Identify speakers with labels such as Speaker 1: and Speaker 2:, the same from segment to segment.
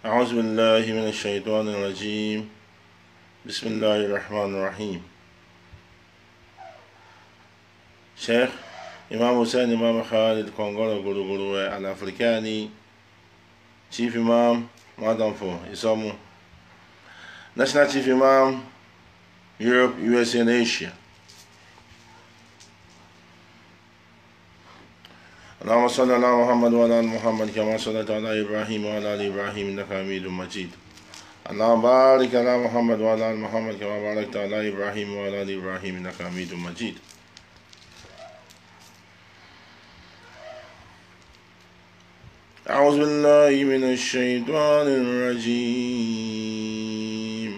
Speaker 1: أعوذ بالله من الشيطان الرجيم بسم الله الرحمن الرحيم شيخ إمام حسين إمام خالد كونغولو غورو غورو الأفريكاني إمام مادام فو إسامو ناشنال شيف إمام يوروب يو إس إن آسيا اللهم صل على محمد وعلى ال محمد كما صليت على ابراهيم وعلى ال ابراهيم انك حميد مجيد اللهم بارك على محمد وعلى ال محمد كما باركت على ابراهيم وعلى ال ابراهيم انك حميد مجيد أعوذ بالله من الشيطان الرجيم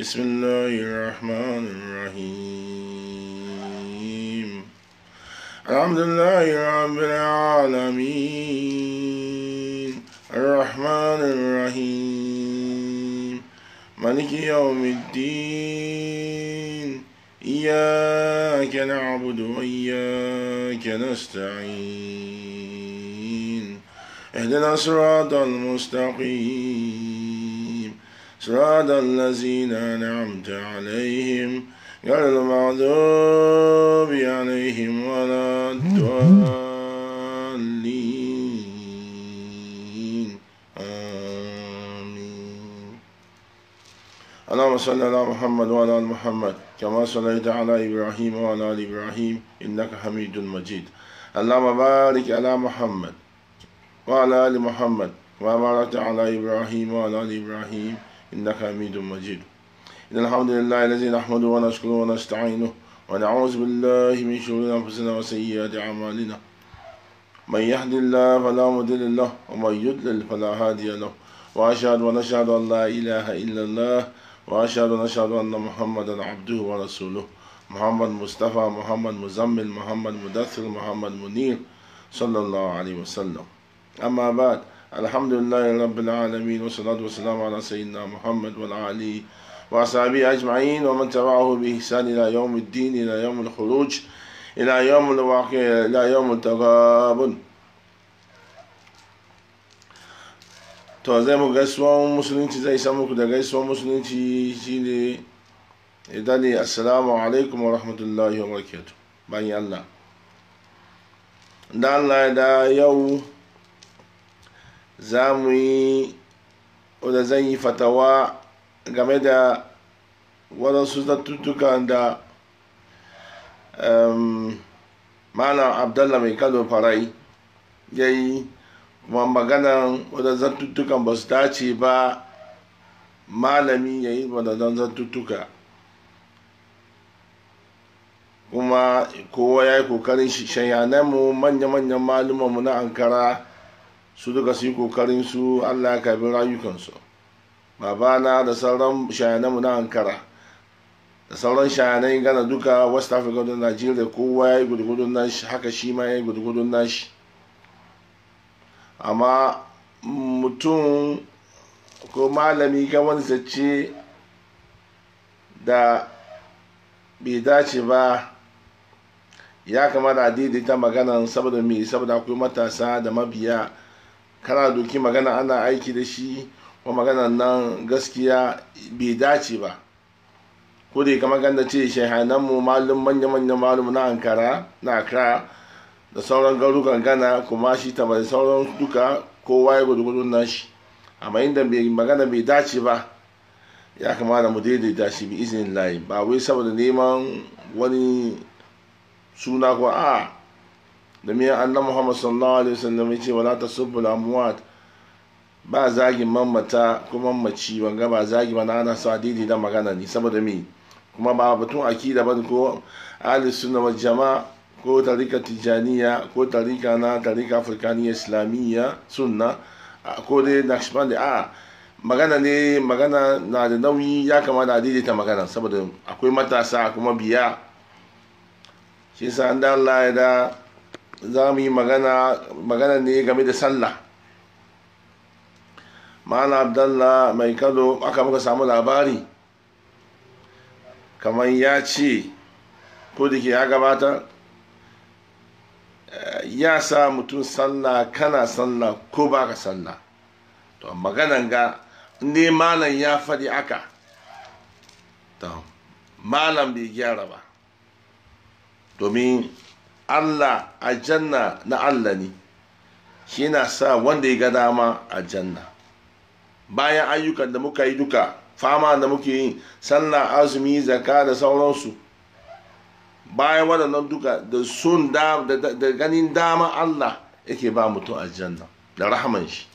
Speaker 1: بسم الله الرحمن الرحيم الحمد لله رب العالمين الرحمن الرحيم ملك يوم الدين إياك نعبد وإياك نستعين اهدنا صراط المستقيم صراط الذين أنعمت عليهم غير المغضوب عليهم ولا الضالين آمين اللهم صل على محمد وعلى آل محمد كما صليت على إبراهيم وعلى آل إبراهيم إنك حميد مجيد اللهم بارك على محمد وعلى آل محمد باركت على إبراهيم وعلى آل إبراهيم إنك حميد مجيد إن الحمد لله الذي نحمده ونشكره ونستعينه ونعوذ بالله من شرور أنفسنا وسيئات أعمالنا من يهد الله فلا مضل له ومن يضلل فلا هادي له وأشهد ونشهد أن لا إله إلا الله وأشهد ونشهد أن محمدا عبده ورسوله محمد مصطفى محمد مزمل محمد مدثر محمد منير صلى الله عليه وسلم أما بعد الحمد لله رب العالمين والصلاة والسلام على سيدنا محمد وعلى آله وأصحابه أجمعين ومن تبعه بإحسان إلى يوم الدين إلى يوم الخروج إلى يوم الواقع إلى يوم التغابن توزيمو غسوا مسلمين تزاي سموك دا غسوا مسلمين تزيني إداني السلام عليكم ورحمة الله وبركاته باني الله دان لا دا يو زامي ودا زاني فتوى game da waɗansu zattutukan da malam abdallah mai kano farai ya yi maganan waɗansu zattutukan ba su dace ba malami ya yi waɗansu zattutuka kuma kowa ya yi kokarin shayananmu manya-manyan malumanmu na ankara su duka su yi kokarin su allah ya karbi rayukansu babana da sauran mu na ankara da sauran shayanai gana duka west africa da nigeria kowa ya yi gudugudun nashi haka shi ma ya yi gudugudun nashi amma mutum ko malami ga wani zace da bai dace ba ya kamata a daidaita magana saboda mai saboda akwai matasa da mabiya kana doki magana ana aiki da shi wa maganan nan gaskiya bai dace ba ko da kamar ganda ce mu malum manya-manyan malum na ankara na accra da sauran garukan gana kuma shi ta da sauran duka kowa ya gudu nan shi amma inda bai magana bai dace ba ya kamata mu daidaita shi bi izinin layi ba wai saboda neman wani suna ko a da domin annan muhammad sallallahu alaihi wasallam ya ce wala tasubbu al-amwat ba zagin mamata kuma mace wanga ba zagi ba na ana so adidi da magana ne saboda mi kuma ba batun akida ba ko ahli sunna wal jamaa ko tarika tijaniya ko tarika na tarika afrikaniya islamiyya sunna ko dai naqshbandi a magana ne magana na da nauyi ya kamata a ta magana saboda akwai matasa kuma biya shi sa an da Allah ya da za mu yi magana magana ne game da sallah mana abdalla mai kado aka muka samu labari kamar ya ce ko da ke ya gabata eh, ya sa mutum sallah kana sallah ko ba ka sallah to maganan ga ne malam ya faɗi aka to malam bai gyara ba domin allah a janna na allah ne shi na sa wanda ya ga dama a janna bayan ayyukan da muka yi duka fama da muke yi sallah azumi zaka da sauransu bayan waɗannan duka da sun da ganin dama Allah yake ba mutum aljanna da rahaman shi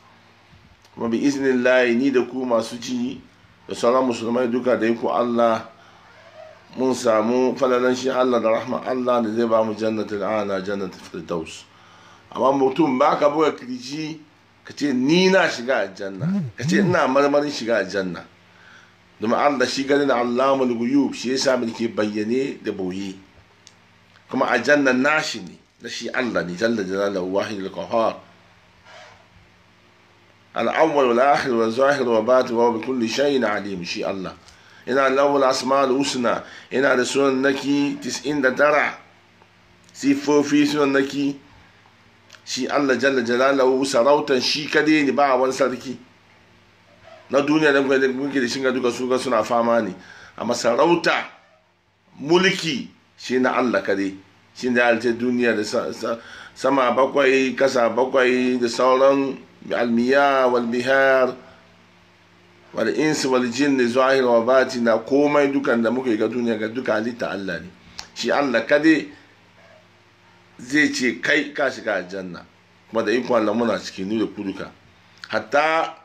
Speaker 1: kuma bi iznin layi ni da ku masu ci da sauran musulmai duka da ku Allah mun samu falalan shi Allah da rahman Allah da zai ba mu jannatul ana jannatul firdaus amma mutum ba ka buga kirji ka ce ni na shiga aljanna ka ce ina marmarin shiga aljanna domin allah shi ganin allamul guyub shi yasa mu ke bayyane da boye kuma aljanna nashi ne na shi allah ne jalla jalaluhu wahidul qahhar al-awwal wal akhir wal zahir wa batin wa kulli shay'in alim shi allah ina lawul asma'ul husna ina da sunan naki 99 sifofi sunan naki shi Allah jalla jalalahu sarautan shi kadai ne ba wani sarki na duniya da muke da shinga duka su suna fama ne amma sarauta mulki shi na Allah kade shi ne halittar duniya da sama bakwai kasa bakwai da sauran almiya wal bihar wal insi wal zuwa zahir wa na komai dukan da muke ga duniya ga duka halitta Allah ne shi Allah kade zai ce kai ka shiga aljanna kuma da ikon Allah muna cikin ni da kuduka hatta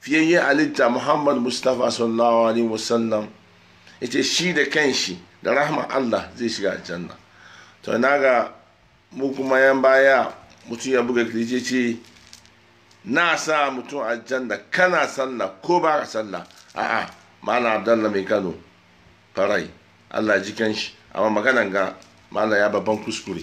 Speaker 1: fiyayye alitta Muhammad Mustafa sallallahu alaihi wasallam yace shi da kanshi da rahman Allah zai shiga aljanna to ga mu kuma yan baya mutum ya buga kirje ce na sa mutum aljanna kana sallah ko ba ka sallah a'a mana Abdallah mai Kano farai Allah ji kanshi amma maganan ga mana ya babban kuskure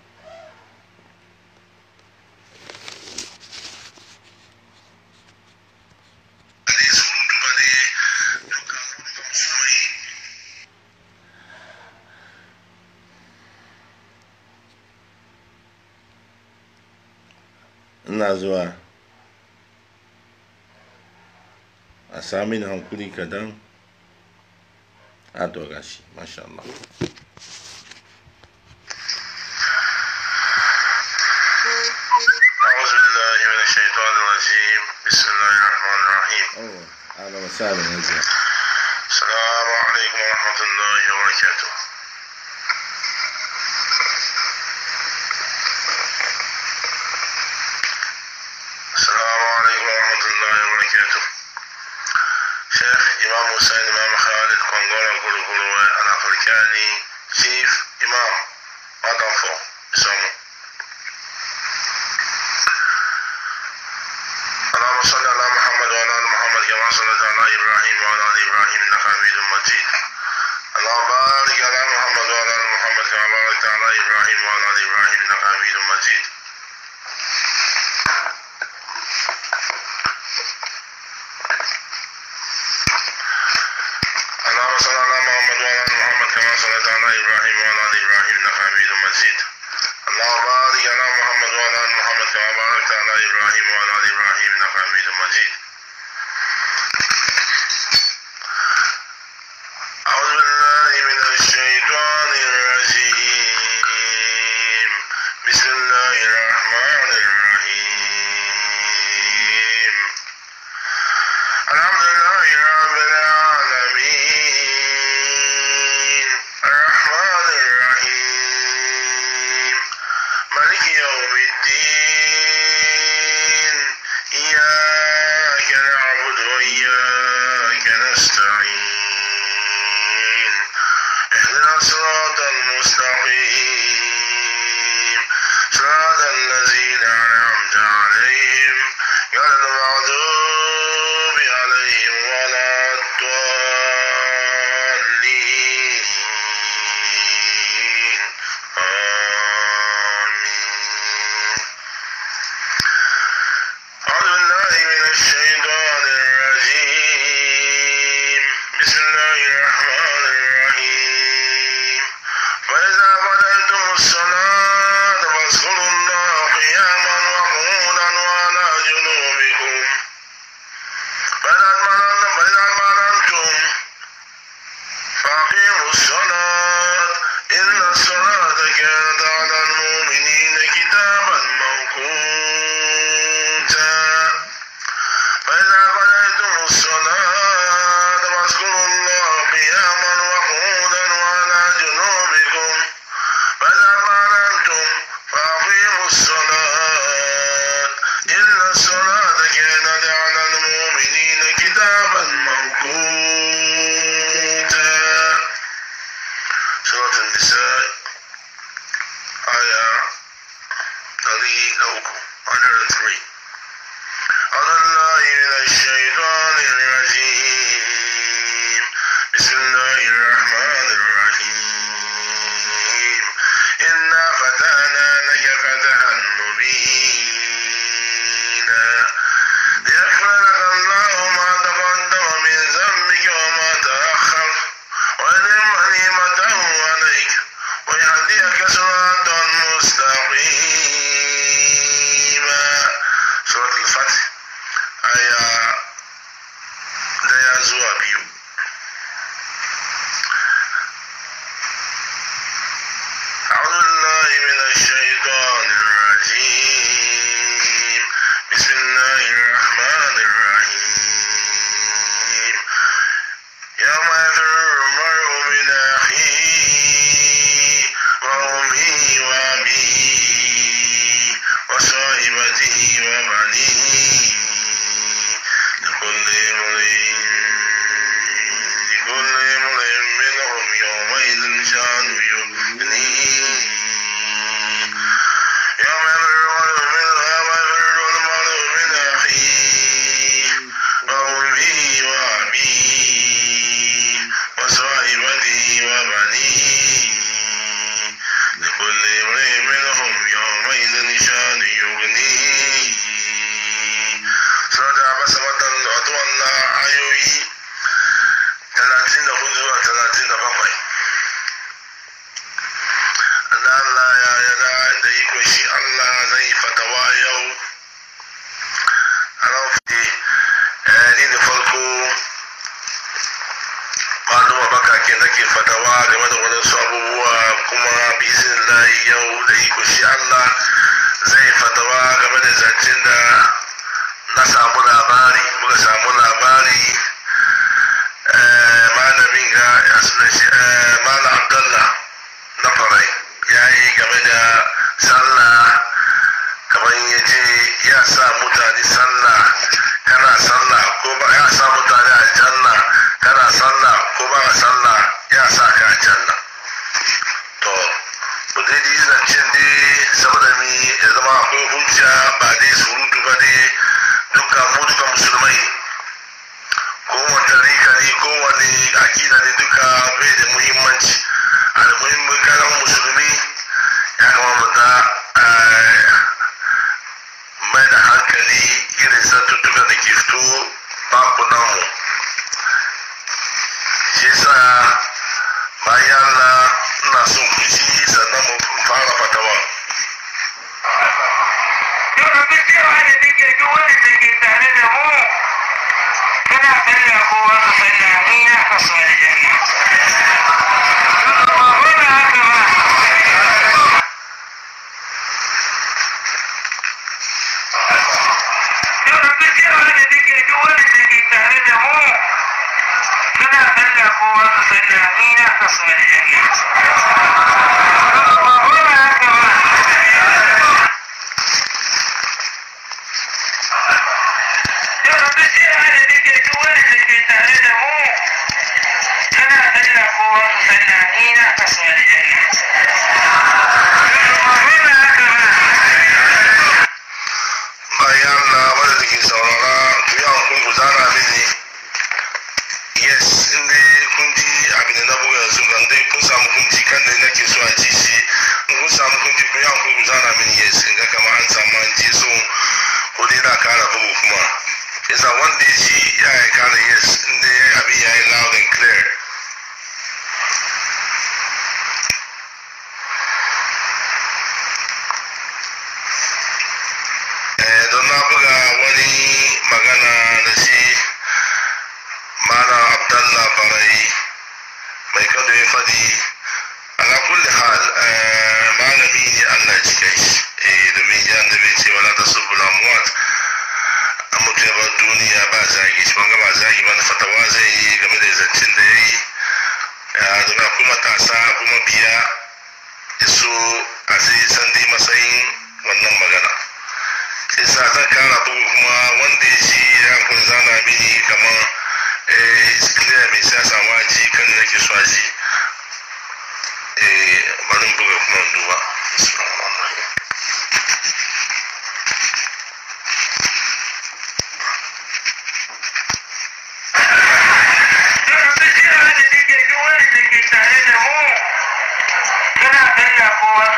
Speaker 1: zuwa a samin hankuri kadan a to gashi masha
Speaker 2: kara bugu kuma yasa wanda ya ji ya yi kara yes inda ya abin ya yi loud and clear eh, don na buga wani magana da shi mara abdallah barai mai kada ya faɗi ala kulli hal eh, malami ne allah cikin shi eh, domin ya nabi ce wala ta subula muwat mutum duniya ba zagi shi ga ba zagi ba na fatawa zai yi game da zancen da ya yi domin kuma tasa, kuma biya su a sai san matsayin wannan magana sai sa zan kara bugu kuma wanda ya ci ya kun zana mini kamar eh, iskiliya mai siyasa ma ji kan da nake so a ji eh, buga kuma duba.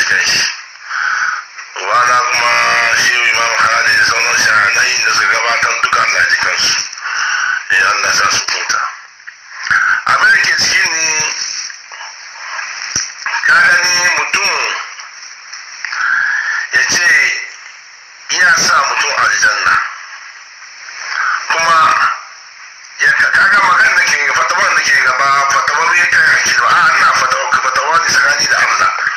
Speaker 2: cikin shi ubana kuma shi imam hadi da sauran shahanai da suka gabatar duk Allah su ya eh, Allah sa su huta abin da ke ciki ne ka gani mutum ya ce ya sa mutum aljanna kuma ya kaga magana da ke fatawar da ke gaba fatawar ya kai hakil ba a na fatawar ni tsakani da Allah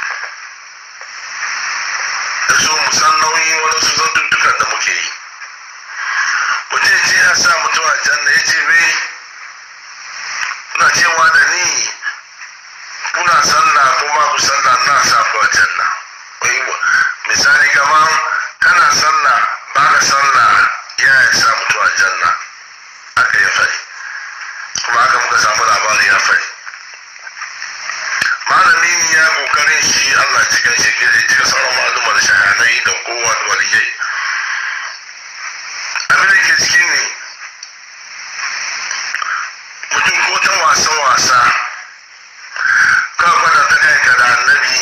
Speaker 2: so mu san nauyin zan zantuttukan da muke yi mutum ce ya sa mutum a janna ya ce bai kuna cewa da ni kuna sanna kuma ku sanna na sa ku a janna misali kamar kana sanna ba ka sanna ya ya sa mutum a na aka yi fari kuma aka muka samu labarin ya fari malami ya kokarin shi Allah cikin shi ke cikin sauran malumar shahanai da kowa da waliyai abin da ke ciki ne mutum ko ta wasa-wasa ka gwada ta kanka da annabi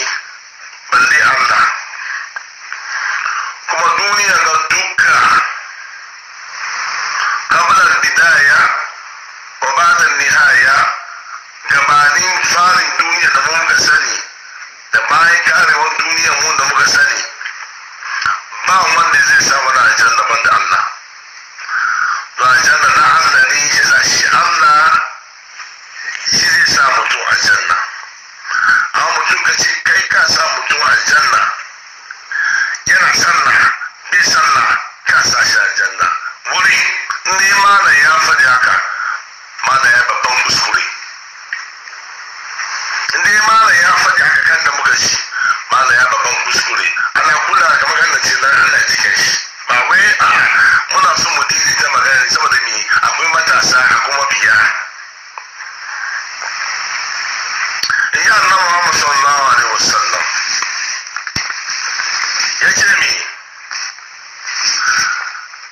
Speaker 2: balle Allah kuma duniya ga duka Kamar bidaya wa ba nihaya gabanin farin duniya da muka sani da bayan karewar duniya mu da muka sani ba wanda zai sa da aljanna ban da Allah to aljanna na Allah ne ya za shi Allah shi zai sa a aljanna a' mutum ka ce kai ka sa a aljanna yana sallah bai sallah ka sa shi aljanna wuri ne malam ya faɗi haka malam ya babban kuskure kan da muka ci mana ya babban kuskure ana kula ga kan ce na ana cikin shi ba wai a muna son mu dini ta magana saboda mi akwai matasa kuma biya ya annabi Muhammad sallallahu alaihi wasallam yace mi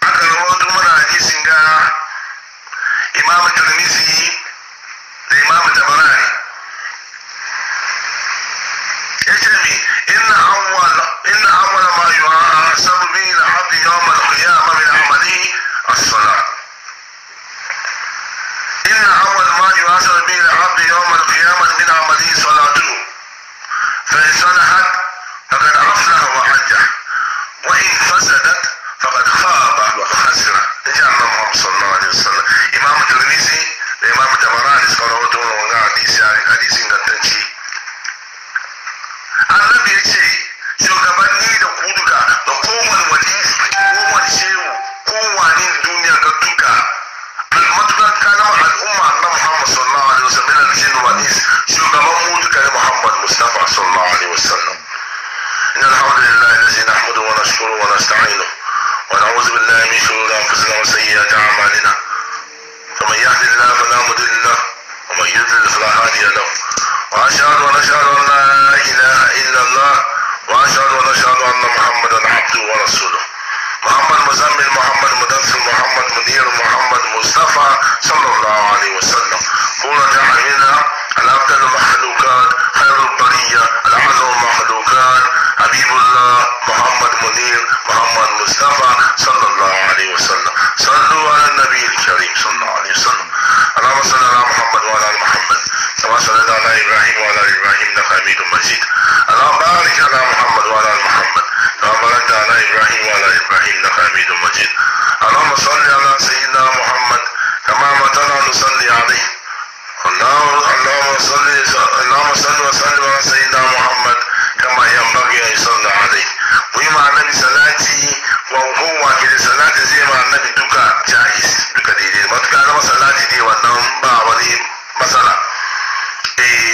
Speaker 2: aka rawaito mana hadisin ga Imam Tirmidhi da Imam Tabarani يوم القيامة من عمله الصلاة سيئات أعمالنا فمن يهد الله فلا مضل له ومن يضلل فلا هادي له وأشهد ونشهد أن لا إله إلا الله وأشهد ونشهد أن محمدا عبده ورسوله محمد مزمل محمد مدثر محمد منير محمد مصطفى صلى الله عليه وسلم قول تعالى الأبدل المخلوقات خير البرية العزم المخلوقات حبيب الله محمد منير محمد مصطفى صلى الله عليه وسلم صلوا على النبي الكريم صلى الله عليه وسلم اللهم صل على محمد وعلى ال محمد كما صليت على ابراهيم وعلى ال ابراهيم انك حميد مجيد اللهم بارك على محمد وعلى ال محمد كما باركت على ابراهيم وعلى ال ابراهيم انك حميد مجيد اللهم صل على سيدنا محمد كما امرتنا ان نصلي عليه اللهم صل اللهم صل وسلم على سيدنا محمد كما ينبغي أن يصلى عليه ويما النبي صلاتي وهو كده صلاتي زي ما النبي دوكا جائز دوكا دي دي متكا لما صلاتي دي ونم باولي مثلا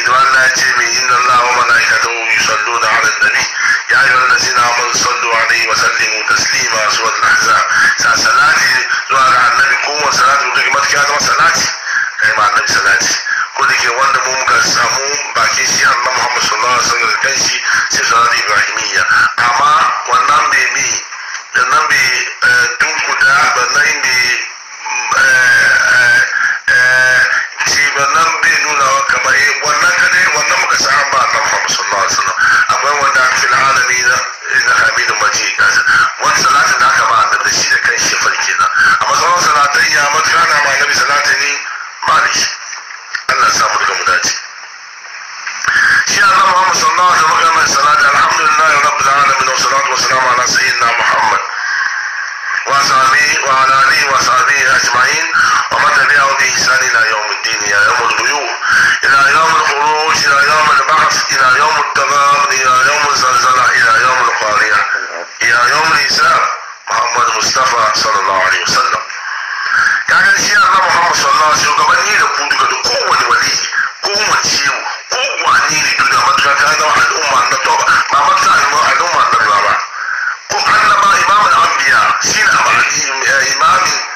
Speaker 2: الله يتيمي إن الله وملائكته يصلون على النبي يا أيها الذين آمنوا صلوا عليه وسلموا تسليما سورة الأحزاب صلاتي زوال على النبي قوم صلاتي ودقمت كاتم صلاتي أي مع النبي صلاتي ko da ke wanda mu muka samu bakin shi Allah Muhammad sallallahu alaihi wasallam kan shi sai salatu ibrahimiyya amma wannan bai mi da nan bai dunkuda ba nan bai ci ba nan bai nuna wa kamar wannan kadai wannan muka sa amma Allah Muhammad sallallahu alaihi wasallam akwai wanda fil alamin na hamid majid wani salatin da aka ba da shi da kan shi farki na amma sauran salatai ya matuƙa na ma nabi salatin malik Allah ya samu duka mu dace shi Allah Muhammad sallallahu alaihi wasallam magana salati alhamdulillahi rabbil alamin wa salatu wa salam ala sayyidina Muhammad wa sahbihi wa ala alihi wa sahbihi ajma'in wa man tabi'ahu bi ihsan ila yawm الدين ila yawm al-buyuh ila yawm al-khuruj ila yawm al-ba'th ila yawm al-tamam ila yawm al-zalzala ila yawm al-qari'ah ila يوم الحساب محمد مصطفى صلى الله عليه وسلم kaga shi Allah Muhammad sallallahu alaihi wasallam gaban da ku duka da kowane wali ko mace ko wani ne duniya matuka ka zama al'umma na to ba mata al'umma na ba ko annaba imamul anbiya shi na ba imami eh,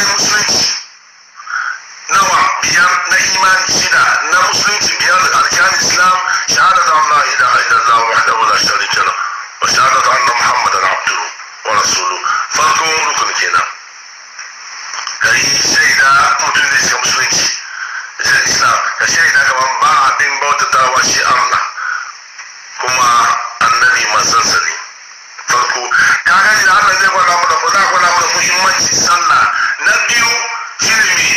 Speaker 2: na musulunci nawa biyar na imani shida na musulunci biyar arkan islam shahadatu an la ilaha illallah wahdahu la sharika lahu wa shahadatu anna muhammadan abduhu wa rasuluhu farko rukun kenan kai shaida mutum da shiga musulunci shiga islam ka shaida kaman ba abin bautatawa shi Allah kuma annabi manzon sa ne farko ta gaji da Allah zai gwada mana za gwada mana muhimmanci sallah na biyu ilimi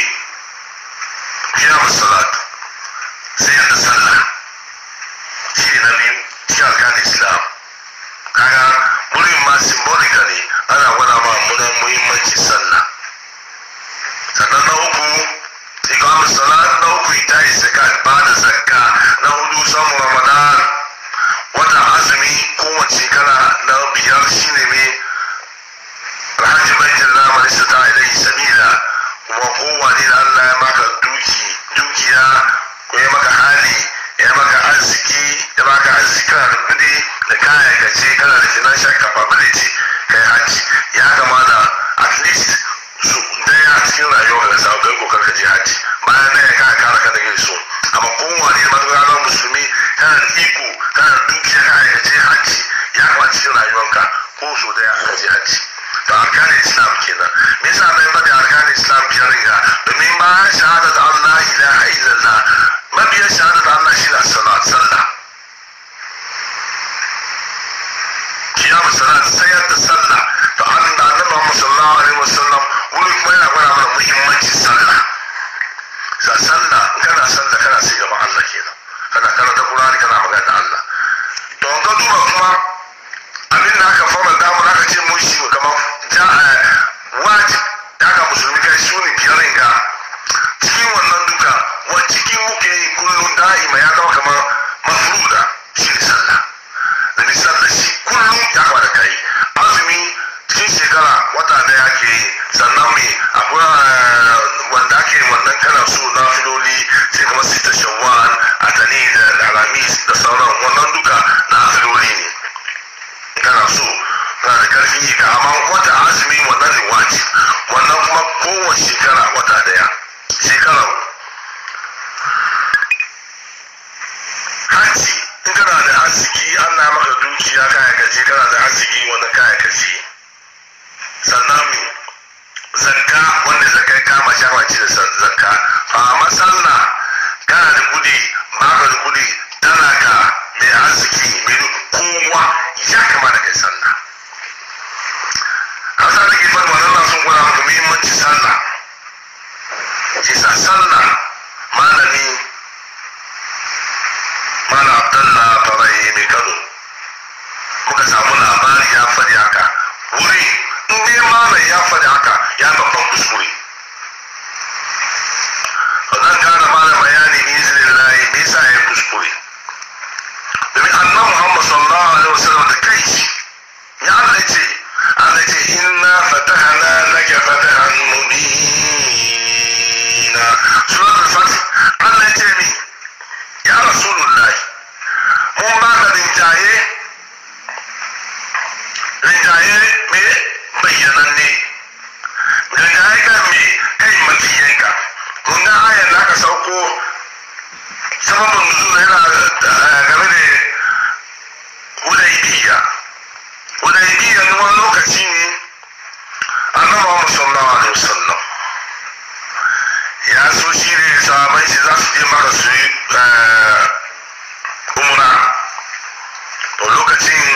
Speaker 2: kiyamu salatu sai yadda sallah shi ne na biyu shi alkan islam kaga burin ma simbolika ne ana gwada ma muna muhimmanci sallah sannan na uku ikamu salat na uku ita zakat ba da zakka na hudu samun ramadan wannan azumi kowace shekara na biyar shi ne mai alhaji bankin jalla su ta ilahi sabila kuma kowane da allah ya maka duki dukiya ko ya maka hali ya maka arziki ya maka arzikin kana da kaya ga ce kana da financial capability kai yi hajji ya kamata at least su daya cikin rayuwa ka samu kai kokar ka je hajji bayan daya kaya kara ka da yin so amma kowane da matuƙa musulmi kana da iko kana da dukiya kana da je hajji ya kuwa cikin rayuwarka ko so da ya kaje hajji to arkanin islam kenan me yasa bai bada arkanin islam ke riga domin ba shahadat Allah ilaha illallah mabiyan shahadat Allah shi na salat sallah kiyam salat sayar da sallah to annabi Muhammad sallallahu alaihi wasallam wurin kuma yana gwada mana muhimmancin sallah sa sallah kana sallah kana sai gaban Allah kenan kana karanta Qur'ani kana magana da Allah to ka duba kuma abin da aka fara da mun aka ce mun shi kamar ja eh, waji da musulmi kai su ne biyarin ga cikin wannan duka wa cikin muke yi kullun da'ima ya kawo kamar mafruda shi ne sallah da ni sallah shi kullum ya kawo da kai azumi cikin shekara wata daya ke sannan mai akwai eh, wanda ake wannan kalan su na filoli sai kuma sita shawwal atani da alamis da sauran wannan duka na filoli ne kana su na da karfin yi ka amma wata azumi wannan ne wajib wannan kuma kowace shekara wata daya kama ce da zarka fa amma sallah da kudi ba da kudi tana ka mai arziki mai kowa ya kamata kai sallah a sa da wa manzon sun gwada maka muhimmanci sallah ke sa sallah malami mana abdallah farai mai kano muka samu labari ya faɗi haka wuri in dai malam ya faɗi haka ya babban kuskure kuskure domin annan muhammad sallallahu alaihi wasallam da kai shi ya Allah ce Allah ce inna fatahna laka fatahan mubina suratul fatih Allah ce mi ya rasulullahi mun ba ka rinjaye rinjaye me bayyananne rinjaye kan me kai makiyanka mun ga ayar da aka sauko sababin nuzul yana game da hudaybiya hudaybiya wani lokaci ne annabi Muhammad sallallahu a musamman? ya so shi ne sahabai shi za su je maka su yi umra to lokacin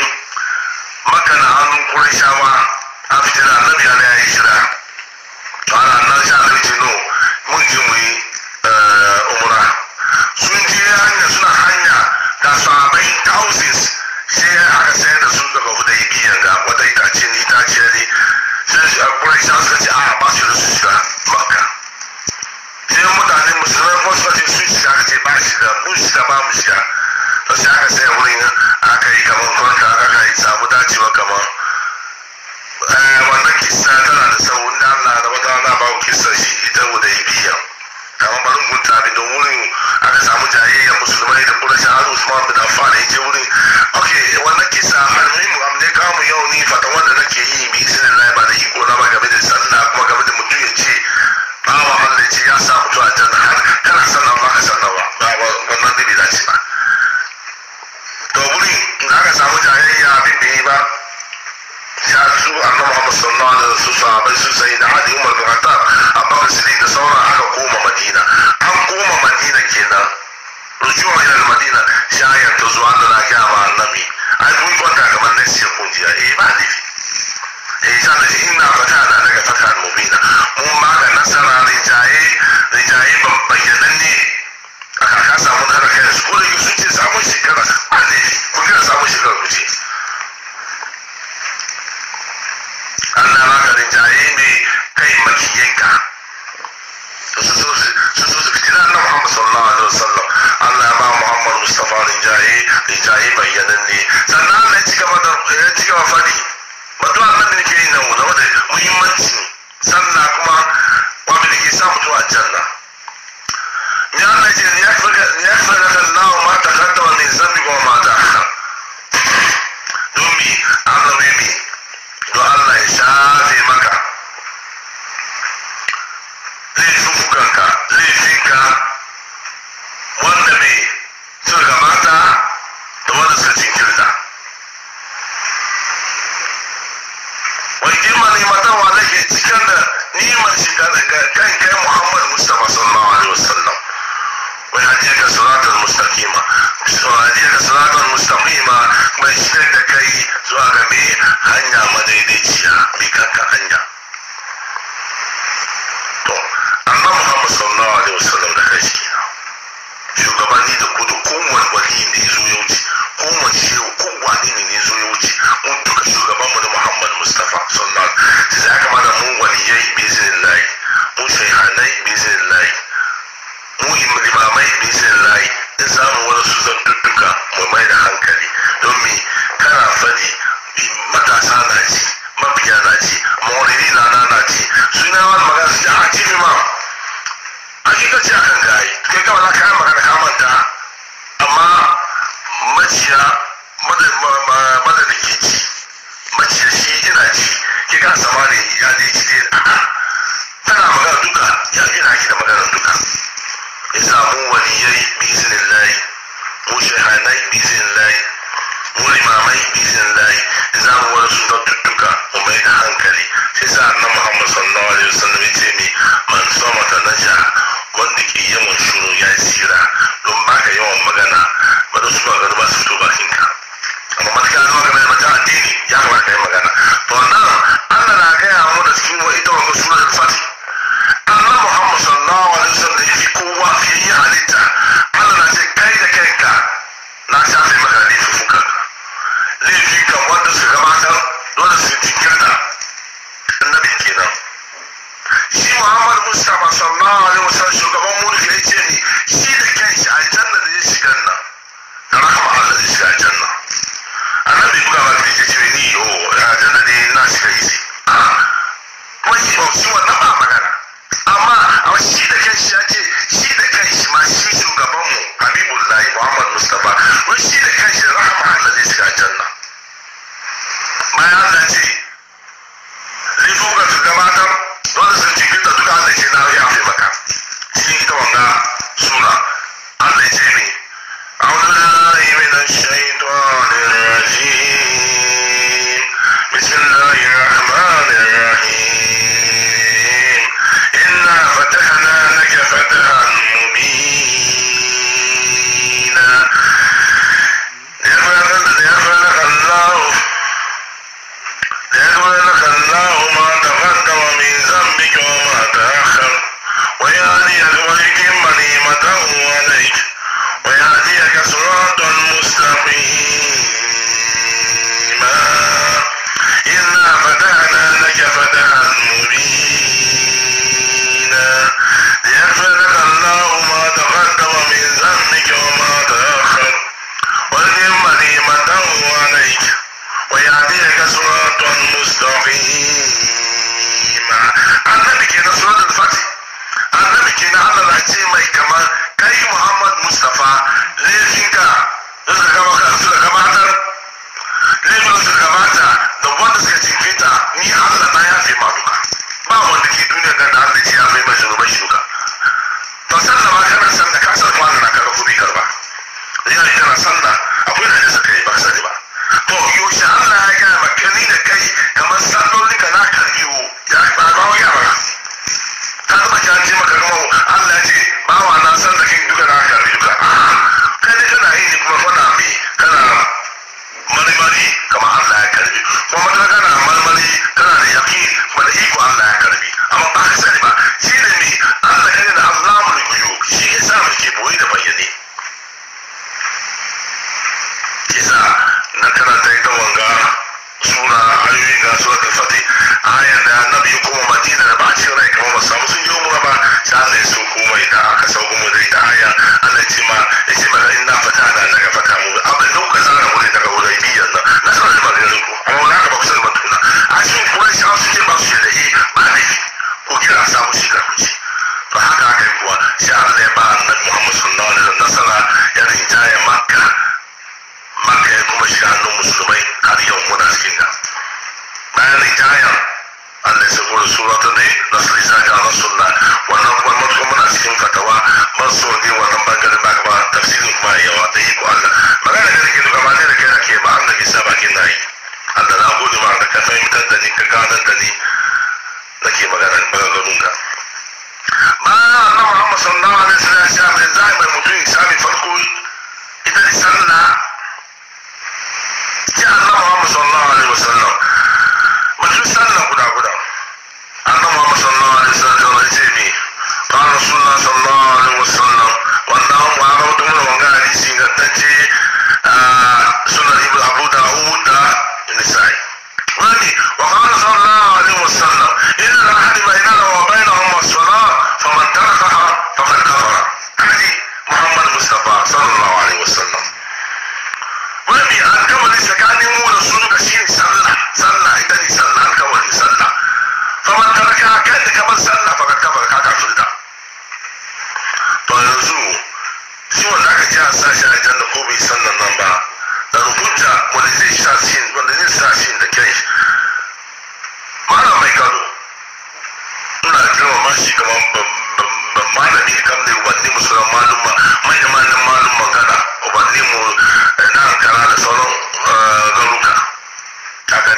Speaker 2: maka na hannun kurishawa an fi jira annabi ya ya yi shira to ana nan sha annabi ce no mun je mu yi umra sun je hanya suna hanya ga sabai houses sai aka sayar da su daga hudaybiyan ga wata itace ne itace ne sai kuraisha suka ce a ba su rusu su shiga maka sai mutane musulman kuma suka ce su shiga aka ce ba shiga mun shiga ba mu shiga to sai aka sayar wurin aka yi kamar kwanta aka yi samu dacewa kamar eh, wannan kisa tana da sauran da Allah da wata ana ba kisa shi ita hudaybiyan kamar barin gunta abin da wurin aka samu jayayya musulmai da kuma shi har usman bin affan ya je wurin ok wannan kisa har mu abu ne kawo yau ni fata wanda nake yi bi izinin na ba da iko na ba game da sannan kuma game da mutum ya ce bawa Allah ya ce ya sa mutu a janna har kana su sai da hadi umar bin khattab abubakar siddiq da sauran aka koma madina an koma madina kenan rujuwa ila madina shi ta zuwa da na ga ma annabi ai kun kwanta kamar nan sai kun ji eh ba ne eh san da inna fatana daga fatan mubina mun ma ga nasara rijaye rijaye babban ne aka ka samu da kai su ko da su ce samun shekara ba ne ku kira samun shekara ku ce Allah ba ka rinjaye ne kai makiyanka to su so su so su fitina na Muhammad sallallahu alaihi wasallam Allah ba Muhammad Mustafa rinjaye rinjaye bayyanan ne sannan Allah ya ci gaba da ya ci gaba fadi wato Allah ne ke yin nan da wanda muhimmanci sannan kuma wanda ke sa mutu a janna ya Allah ce ya fara ya fara Allah ma ta kaddama min zambi ko ma ta akhar domin Allah ne don Allah ya shafe maka laifufukanka laifinka wanda mai suka gabata da wanda suka jinkirta wani girma ne matawa da ke cikin da ni'imar shi kan kai Muhammad Mustapha sallallahu alaihi wasallam ويهديك صراطا مستقيما ويهديك صراطا مستقيما ويشتاك كي زواج بي هنيا مديديتيا بكاكا هنيا أما محمد صلى الله عليه وسلم لكيش كينا شو كمان نيدو كودو كومو الوالي نيزو يوتي كومو الشيو كومو الوالي نيزو يوتي منتوك شو كمان من محمد مصطفى صلى الله عليه وسلم تزاك مانا مو والي يي بيزن الله مو شيحاني بيزن الله mu limamai bizin layi in samu wani su zantuttuka mu mai da hankali don mi kana fadi matasa na ci mabiya na ci maulidi na na na ci suna wani magana su ji a ci ma a kika ci akan gayi kai kama na kayan magana ka manta amma maciya madadake ci maciya shi ina ci ke kan samari ya ne ci dai a'a ah, ah, tana magana duka ya ina ki da magana duka ya samu waliyai bizinin layi mu shahanai bizinin layi ma limamai bizinin layi ya wani wani suntattuka mu mai da hankali sai sa annan muhammad sallallahu alaihi wasallam ya ce mi man sama ta naja wanda ke yawan shuru ya tsira don baka yawan magana ba da su magana ba su fito bakinka amma matuƙa zuwa game ta mata addini ya kamata ka yi magana to nan allah na gaya mu da cikin wa ita wa suratul fatih annan muhammad sallallahu alaihi wasallam da ya fi kowa fiye halitta Allah na ce kai da kanka na shafe maka laifuka laifi kan wanda su gabatar dole su jinkirta annabi kenan shi muhammad mustapha sallallahu alaihi wasallam shugaban mulki ya ce ni shi da kanshi aljanna da ya shiga nan da rahama Allah zai shiga aljanna annabi buga ba ta ce ni yo aljanna ne na shiga isi wani ba shi wannan ba magana amma a shi da kai shi yake shi da kai shi ma shi shugabanmu habibullahi muhammad mustapha wai shi da kai shi rahama allah zai shiga janna bayan allah ce laifuka su gabatar dole su cikin da duka allah ce na ya fi maka cikin ta wanga sura allah ce ne أعوذ بالله من الشيطان الرجيم بسم الله الرحمن الرحيم right there. la salda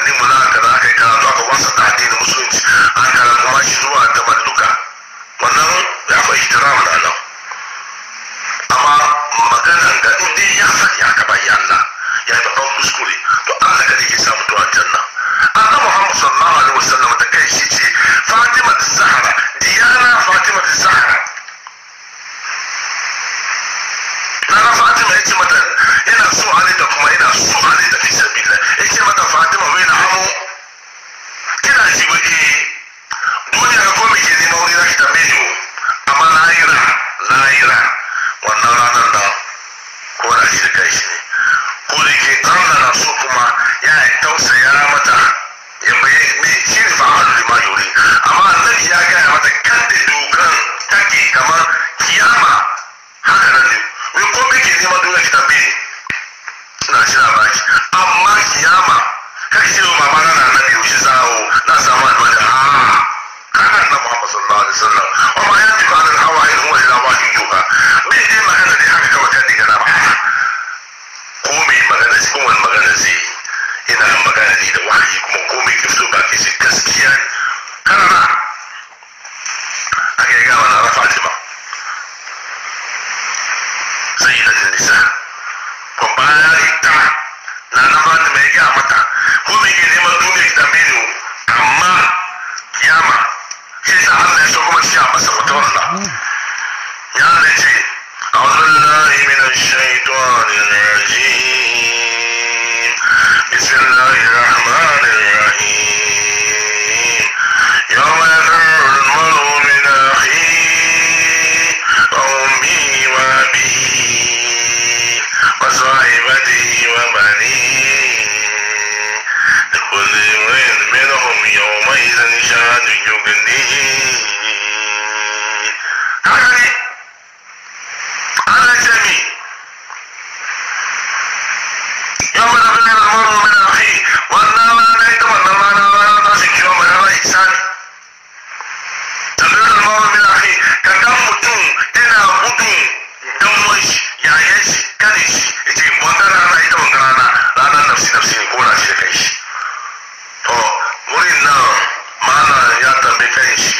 Speaker 2: kakannin mu za a na aka yi kaza zuwa ga wasan da addinin musulunci an kaza ma shi zuwa ga malluka wannan ya fa ihtiram da nan. amma maganan ga in dai ya sani aka bayi Allah ya yi babban kuskure to Allah ka dake samu to aljanna Allah Muhammad sallallahu alaihi wasallam da kai shi ce Fatima Zahra diyana Fatima Zahra na fatima ya ce mata ina so ali da kuma ina so ali da fi sabila ya ce mata fatima bai na hamo kina ji ba eh duniya ga kome ke nema wani zaki tambaye ni amma layira lahira wannan ranar nan ko da shi da kai shi ne ko da ke Allah na so kuma ya tausaya mata ya bayyana mai shi fa'alu ma yuri amma annabi ya gaya mata kan da dokan take kamar kiyama haka nan ne wai ko kake nema dole ki tafi suna shi na baki amma kiyama kake ce mama na na nabi shi zawo na samu albarka a kakan na Muhammad sallallahu alaihi wasallam wa ma yanti ba da hawa in huwa ila wahi yuha bai dai magana dai haka kawai ta diga na ba ko me magana shi kuma magana shi ina magana ne da wahayi kuma ko me kifto ba ke shi gaskiya kana na ake gama na rafa jima sayyidatun nisa kun bayan ita na na fatima ya gaya mata ko me ke neman duniya ki tambaye ni amma kiyama shi sa Allah ya so kuma shi a masa wata wannan ya ne ce أعوذ بالله من الشيطان الرجيم بسم الله الرحمن الرحيم من يغنيه هكذا على الجميع يوم يغني المرء من اخيه وانما انا ايتم انما انا لا يرضى يوم يرى انسان تغني المرء من اخيه كدم متوم انا غدو دم وش يا يش كنش يجي وانا انا ايتم انا لا انا نفسي نفسي 开始，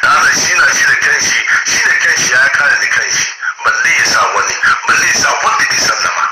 Speaker 2: 然后呢？新的、新的更喜，新的更喜，还看着的更喜。门第上问呢？门第上问的，你成了嘛？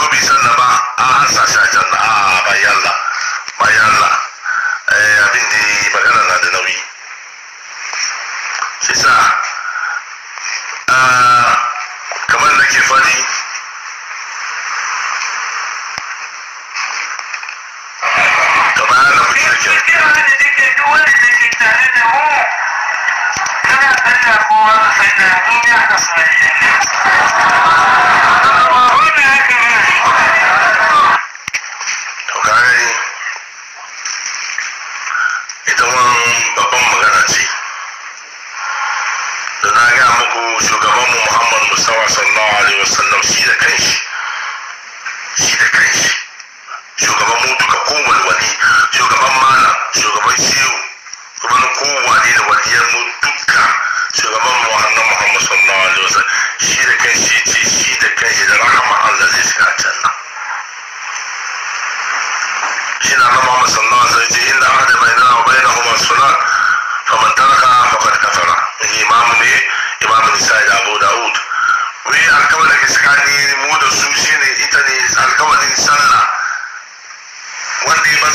Speaker 2: zo bai sallah ba a an sa shi a janna a bai Allah bai Allah abin da magana na da nauyi shi sa kamar da ke fadi kamar da
Speaker 3: mutum da ke Thank
Speaker 2: you.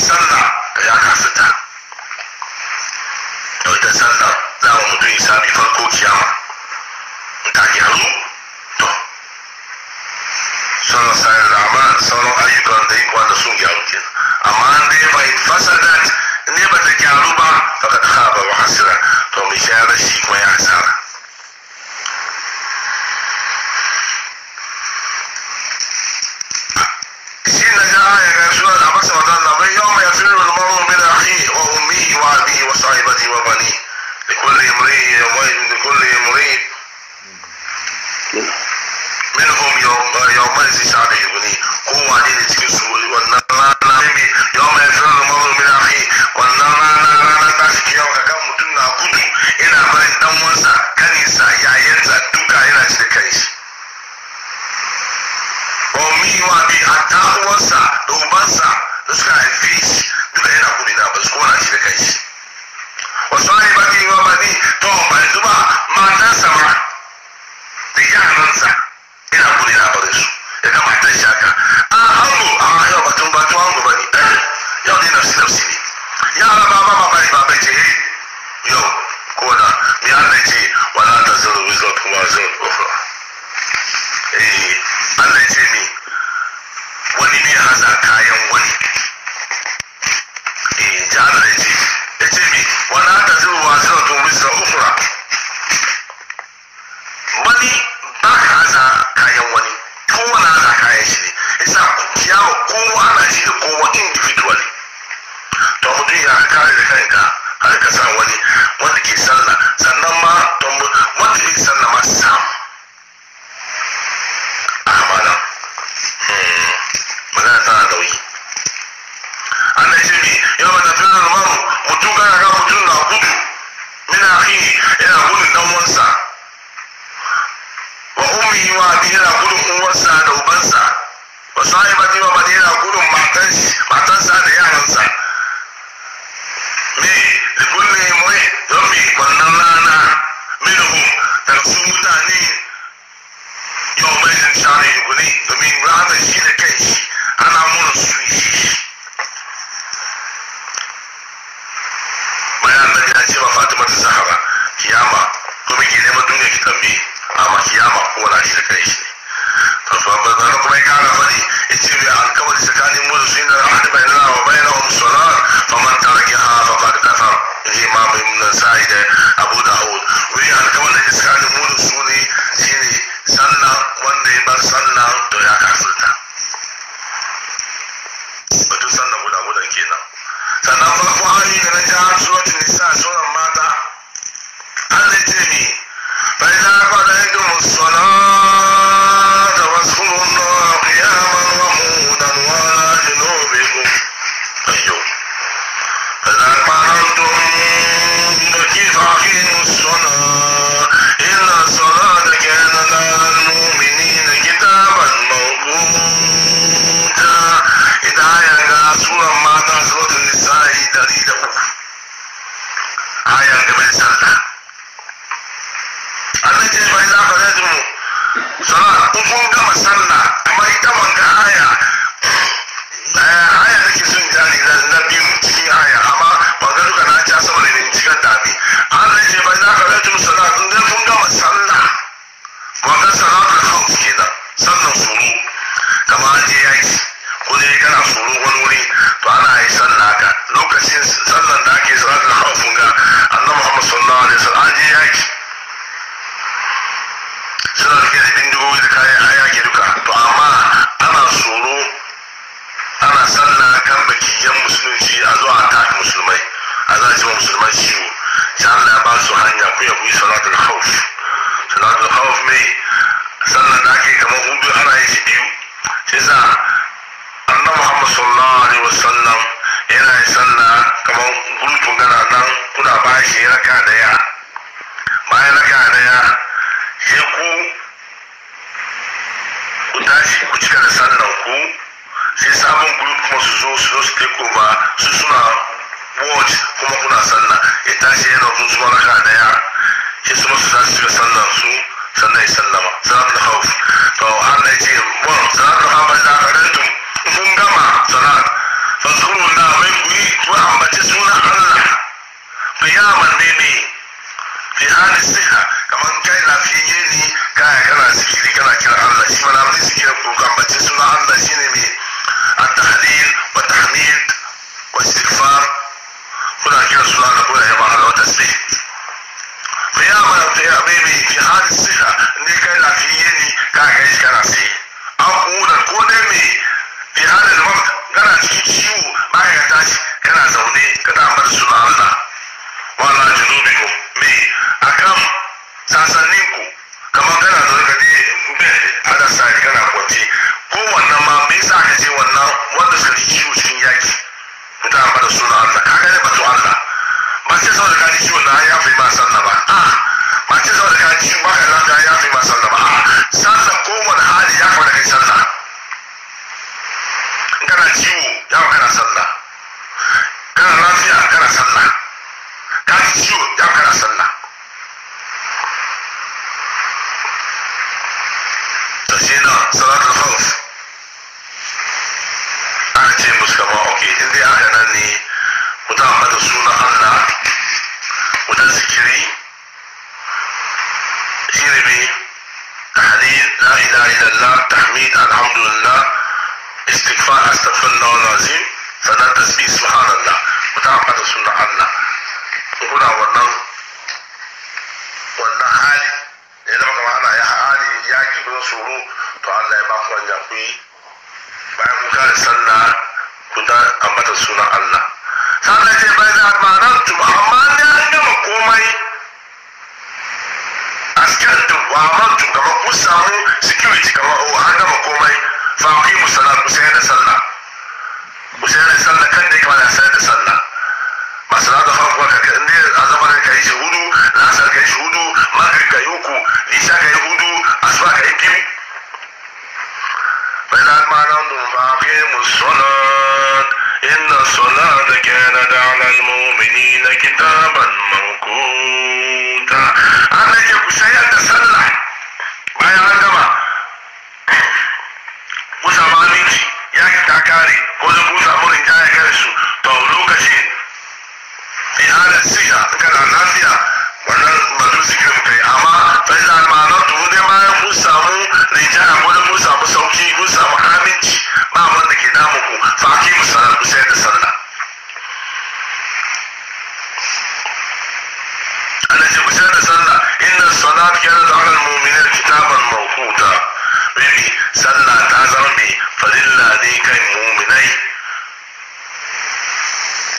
Speaker 2: sallah ya kafita wata sallah za mu mutum ya sami farko kiyama ta gyaru to sauran sayar da amma sauran ayyukan da ikuwa da sun gyaru kenan amma an dai fa in fasadat ne ba ta gyaru ba fakat khaba wa hasira to mai shayar da shi kuma ya hasara وأصحابه وصاحبتي وبني لكل امرئ يومئذ لكل امرئ منهم يومئذ شعب يغني قوة دين تكسو والنار رانا يوم يفر المرء من أخي والنار رانا رانا يوم كم متنا قدو إلى برين دموانسا كنيسا يعينسا دوكا إلى شركيش ومي وابي أتا أتاقوانسا دوبانسا دوسكا الفيس دوكا إلى قدنا بس كونا شركيش wa yi wa bani to ba yanzu ba, ma da yaransa ina gudu na bari su ya ga matan shaka a hannu a yau batun batun to hannu bane dai eh, yau ne nafsi nafsi ne yara raba ba ma bari ba bai ce eh, yau ko da mi Allah ce wala zuru wizo kuma zuru ukhra eh Allah ce mi wani ne haza kayan wani eh jara da ce ولا تزر وازرة وزر أخرى tun باك عزا wani ba ka za kayan wani إسا كياو kayan shi ne isa ana individually mutum ya kare da kanka har ka san wani wanda ke sallah sannan ma wanda ke sallah ma sam a hamana hmm. tana nauyi Ana ya ce mi yau na da maru mutum kana ga mutum na gudu mina akhihi yana gudun dan wansa wa ummihi wa abi yana gudun uwansa da ubansa wa sahibati wa bani yana gudun matansa da yaransa me da kulle mai don mi wannan rana minhum daga su mutane yau mai share ne domin ranar shi da kai shi ana mun su yi bayan annabi ya ce ma fatima ta zahara kiyama kuma ke neman duniya ki tambi amma kiyama ko na shi kai shi to fa ba da kuma ya kara fadi yace bi alkawari tsakanin musulmi da ahad bainana wa bainahum salat faman tarakaha faqad kafar imam ibn sa'id abu daud wani alkawari tsakanin musulmi shine sallah wanda ya bar sallah to ya kafirta batun sallah guda guda kenan sannan farkon hali da na ja suratun nisa suran mata Allah ce ni fa idza qadaytum as-salata wasfuru Allah qiyaman wa qu'udan wa ala junubikum ayyo fa idza qarantum bi qiyamin as-salata
Speaker 3: 了，不封这么深呐？
Speaker 2: الحمد لله تحميد الحمد لله استغفار استغفر الله العظيم فلا تسبيح سبحان الله وتعقد سنة الله وهنا ونن ونن حالي إذا ما أنا يا حالي يا كبر سورو تعالى ما هو نجحي بعد مكان سنة كنا أمد سنة الله سنة تبعنا ما نجح محمد يا نجح مكومي askar da amantu gaba kun samu security gaba o an gama komai fa aqimu salat ku sayar da sallah ku sayar da sallah kan da kamar sayar da sallah ba salatu farko ka inda azaba ka yi shuhudu lasar ka yi shuhudu maghrib ka yi uku isha ka yi hudu asuba ka yi biyu fa idan ma nan dun fa aqimu salat إن الصلاة كانت على المؤمنين كتابا موقوتا ta Allah ce ku da sallah bayan an gama ku samu aminci yaki ta kare ko da ku samu rinjaya kare su to lokaci in hada siya kana lafiya wannan batu zikirin kai amma bai a ma'anar tuhu dai bayan kun samu rinjaya ko da kun samu sauki kun samu aminci ba wanda ke damu ku fa ki musala ku shayar da sallah التي مثال سنة إن الصلاة كانت على المؤمنين كتابا موقوتا بيبي سنة تازمي فلله ديك المؤمنين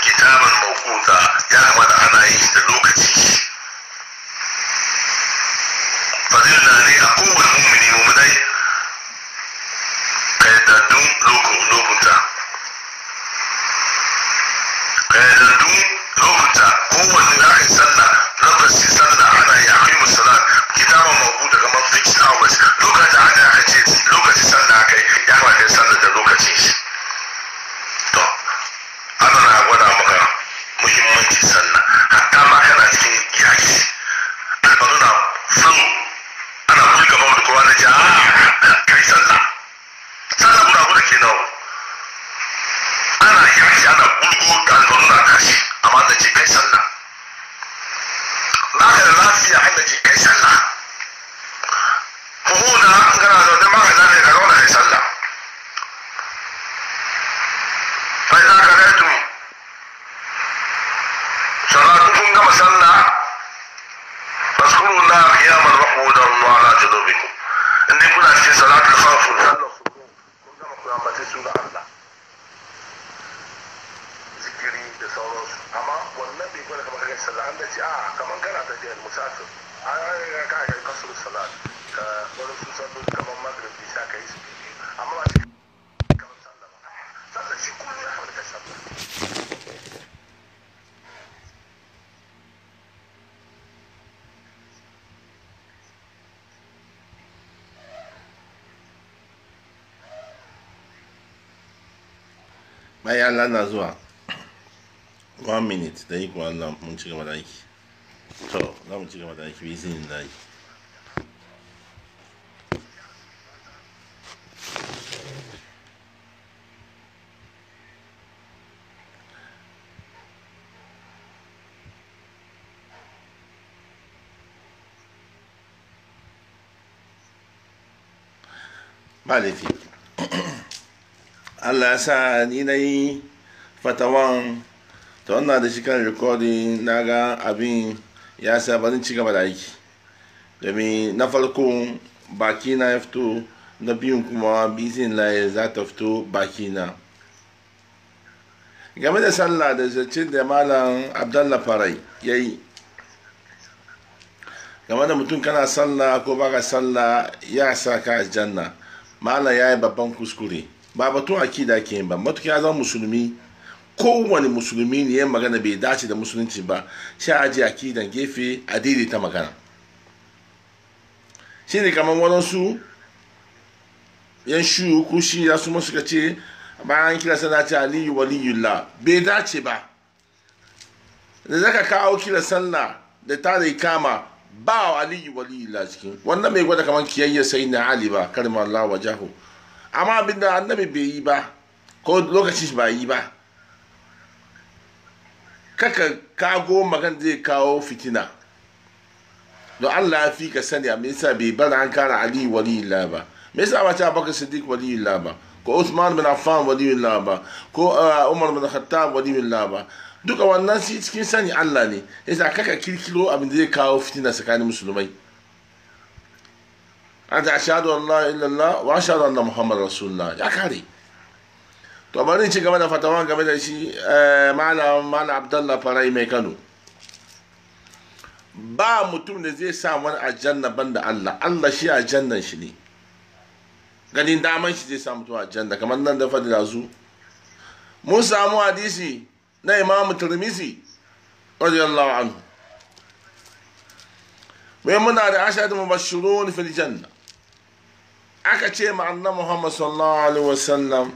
Speaker 2: كتابا موقوتا يا أحمد أنا إيش لوكتي فلله دي أقوى المؤمنين مؤمنين kaidaddu lokuta kaidaddu lokuta kowanne za ka yi sallah lambar sistan da ana ya aqimu salat kitaba mawdu kamar fixed hours lokacin ana aka ce lokaci sanda aka yi ya kamata sanda da lokacin shi to ana na gwada maka muhimmanci sannan hatta ma kana cikin yaki albaru na fulu ana bulga mawdu kowa na ji a ah, kai sallah sannan guda guda ke nawa ana yaki ana bulgo da albaru na tashi amma da ce kai sallah lafiya hanga ce kai sallah ku huda in kana zaune ba ka lafiya ka zauna kai sallah fa idza qadaytum salatu kun gama sallah fazkurullaha qiyaman wa qu'udan wa ala junubikum in dai kuna cikin salatul khawf sallah ce a ah, kamar da tafiya musafir a ya ka kai kasar salat ka wani su sallu kamar magrib bisa ka yi su bibi
Speaker 1: amma ba kamar sallah ba sallah shi kullum ya sallah bayan Allah na zuwa one minute da ikon Allah mun ci gaba da aiki to za mu ci gaba da aiki bi izinin da aiki ba laifi allah ya sa ni na yi fatawan ta wannan da shi kan rikodin na ga abin ya sa ba zan ci gaba da aiki domin na farko baki na ya fito na biyun kuma bizin laye za ta fito baki na game da sallah da zace da malam abdallah farai ya yi game da mutum kana sallah ko baka sallah ya sa ka janna malam ya yi babban kuskure ba batun akida ke ba matuƙa ya zama musulmi kowane musulmi ne ya magana bai dace da musulunci ba sha aji akidan gefe a daidaita magana shi ne kamar waɗansu yan shu ko shi ya su suka ce bayan kila sana ce aliyu waliyula bai dace ba da zaka kawo kila sallah da ta da kama ba wa aliyu waliyula cikin wannan mai gwada kamar kiyayya sai na ali ba karmar lawa jahu amma abinda annabi bai yi ba ko lokacin ba yi ba kaka kago magan zai kawo fitina don Allah ya fi ka sani me yasa bai bar an kara Ali illa ba me yasa ba ta baka wali illa ba ko Usman bin Affan illa ba ko uh, Umar bin Khattab illa ba duka wannan shi cikin sani Allah ne yasa kaka kirkiro abin da zai kawo fitina tsakanin musulmai an ta ashhadu Allah, la ilaha illallah wa Allah Muhammad, muhammadar rasulullah ya kare to bari ci gaba da fatawan game da shi eh, malam malam farai mai kano ba mutum da zai sa wani ban da Allah Allah shi aljannan shi ne ganin daman shi zai sa mutum janna kamar nan da fadi su mun samu hadisi na imamu turmisi radiyallahu anhu mai muna da ashadu mubashirun fil janna aka ce ma annabi Muhammad sallallahu alaihi wasallam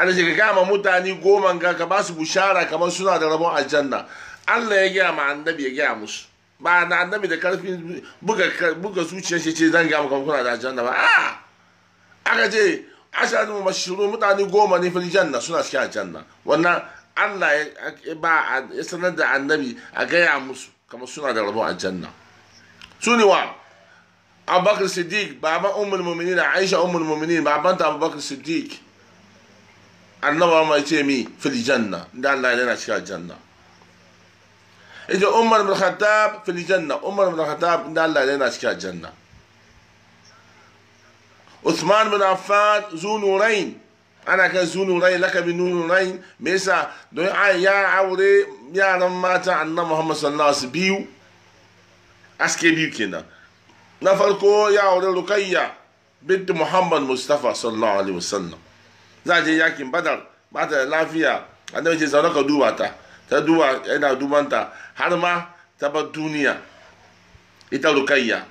Speaker 1: ana ce ka gama mutane goma ga ka ba su bushara kamar suna da rabon aljanna Allah ya gaya ma annabi ya gaya musu ba na annabi da karfin buga buga zuciyar shi ce zan ga maka kuna da aljanna ba a aka ce ashadu mashru mutane goma ne fil janna suna cikin aljanna wannan Allah ya ba ya sanar da annabi a gaya musu kamar suna da rabon aljanna su ne wa Abubakar Siddiq baban Ummul Mu'minin Aisha Ummul Mu'minin babanta Abubakar Siddiq annaba ma ce mi fil janna da Allah yana cikin janna ita umar bin khattab fil janna umar bin khattab da Allah yana cikin janna Uthman bin Affan zu nurain ana kan zu nurain lakabin nurain me yasa don ya aure yaran mata annabi Muhammad sallallahu alaihi biyu aske biyu kenan na farko ya aure Rukayya bint Muhammad Mustafa sallallahu alaihi wasallam za a je yakin badar ba ta da lafiya annabi ce zaune ka duba ta ta duba yana duban ta har ma ta bar duniya ita rukayya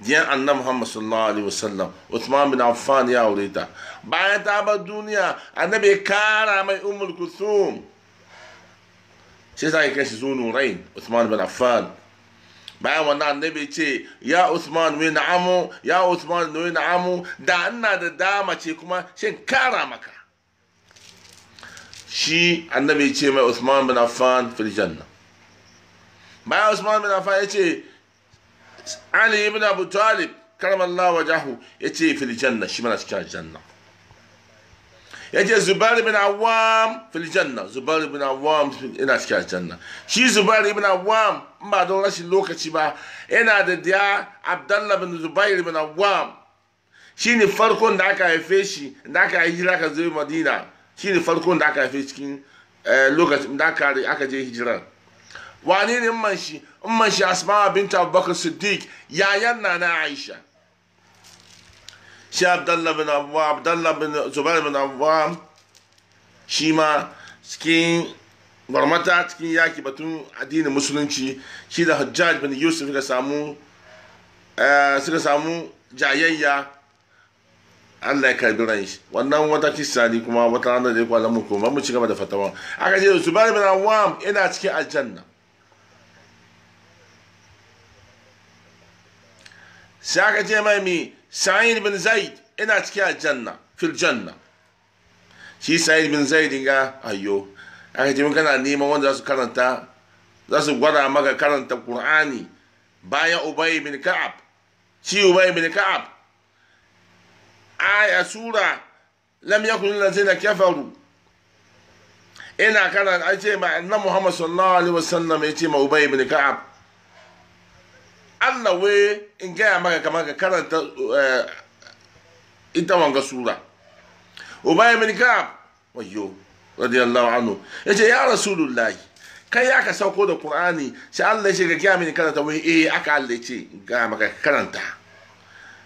Speaker 1: diyan annabi muhammad sallallahu alaihi wasallam usman bin affan ya aure ta bayan ta bar duniya annabi kara mai ummul kusum sai sai ya kai shi zunu rain usman bin affan bayan wannan annabi ce ya usman wai na'amu ya usman wai na'amu da ina da dama ce kuma shin kara maka shi annabi ce mai usman bin affan fil janna bayan usman bin affan ya ce ali ibn abu talib karamallahu wajahu ya ce fil janna shi mana cikin janna ya ce zubair bin awam fil janna zubair bin awam ina cikin janna shi zubair bin awam ba don rashin lokaci ba yana da diya abdallah bin zubair bin shi shine farkon da aka haife shi da aka yi hijira ka zo madina shine farkon da aka haife cikin eh, lokacin da aka je hijira wane ne umman shi umman shi asma binta abubakar siddiq yayan na na aisha shi abdallah bin awam abdallah bin zubair bin awam shi ma cikin barmata cikin yaki batun addinin musulunci shi da hajjaj bin yusuf suka samu eh, samu jayayya Allah ya karbi ran shi wannan wata kissa ne kuma wata ranar da ya kwallon mu kuma mu ci gaba da fatawan aka ce su bari bin awam ina cikin aljanna sai aka ce mai mi sa'id bin zaid ina cikin aljanna fil janna shi sa'id bin zaid ga ayyo ka ce kana neman wanda za su karanta za su gwada maka karanta ƙur'ani bayan ubay bin ka'ab shi ubay bin ka'ab aya sura lam yakun allazina kafaru ina karanta an ce ma na Muhammad sallallahu alaihi wasallam ya ce ma ubay bin ka'ab Allah we in gaya maka kamar ka karanta eh, ita wanga sura ubay bin ka'ab wayo radiyallahu anhu yace ya rasulullahi kai ya ka sauko da qur'ani sai Allah ya ce ga kiya mini karanta wai eh aka Allah ya ce ga maka karanta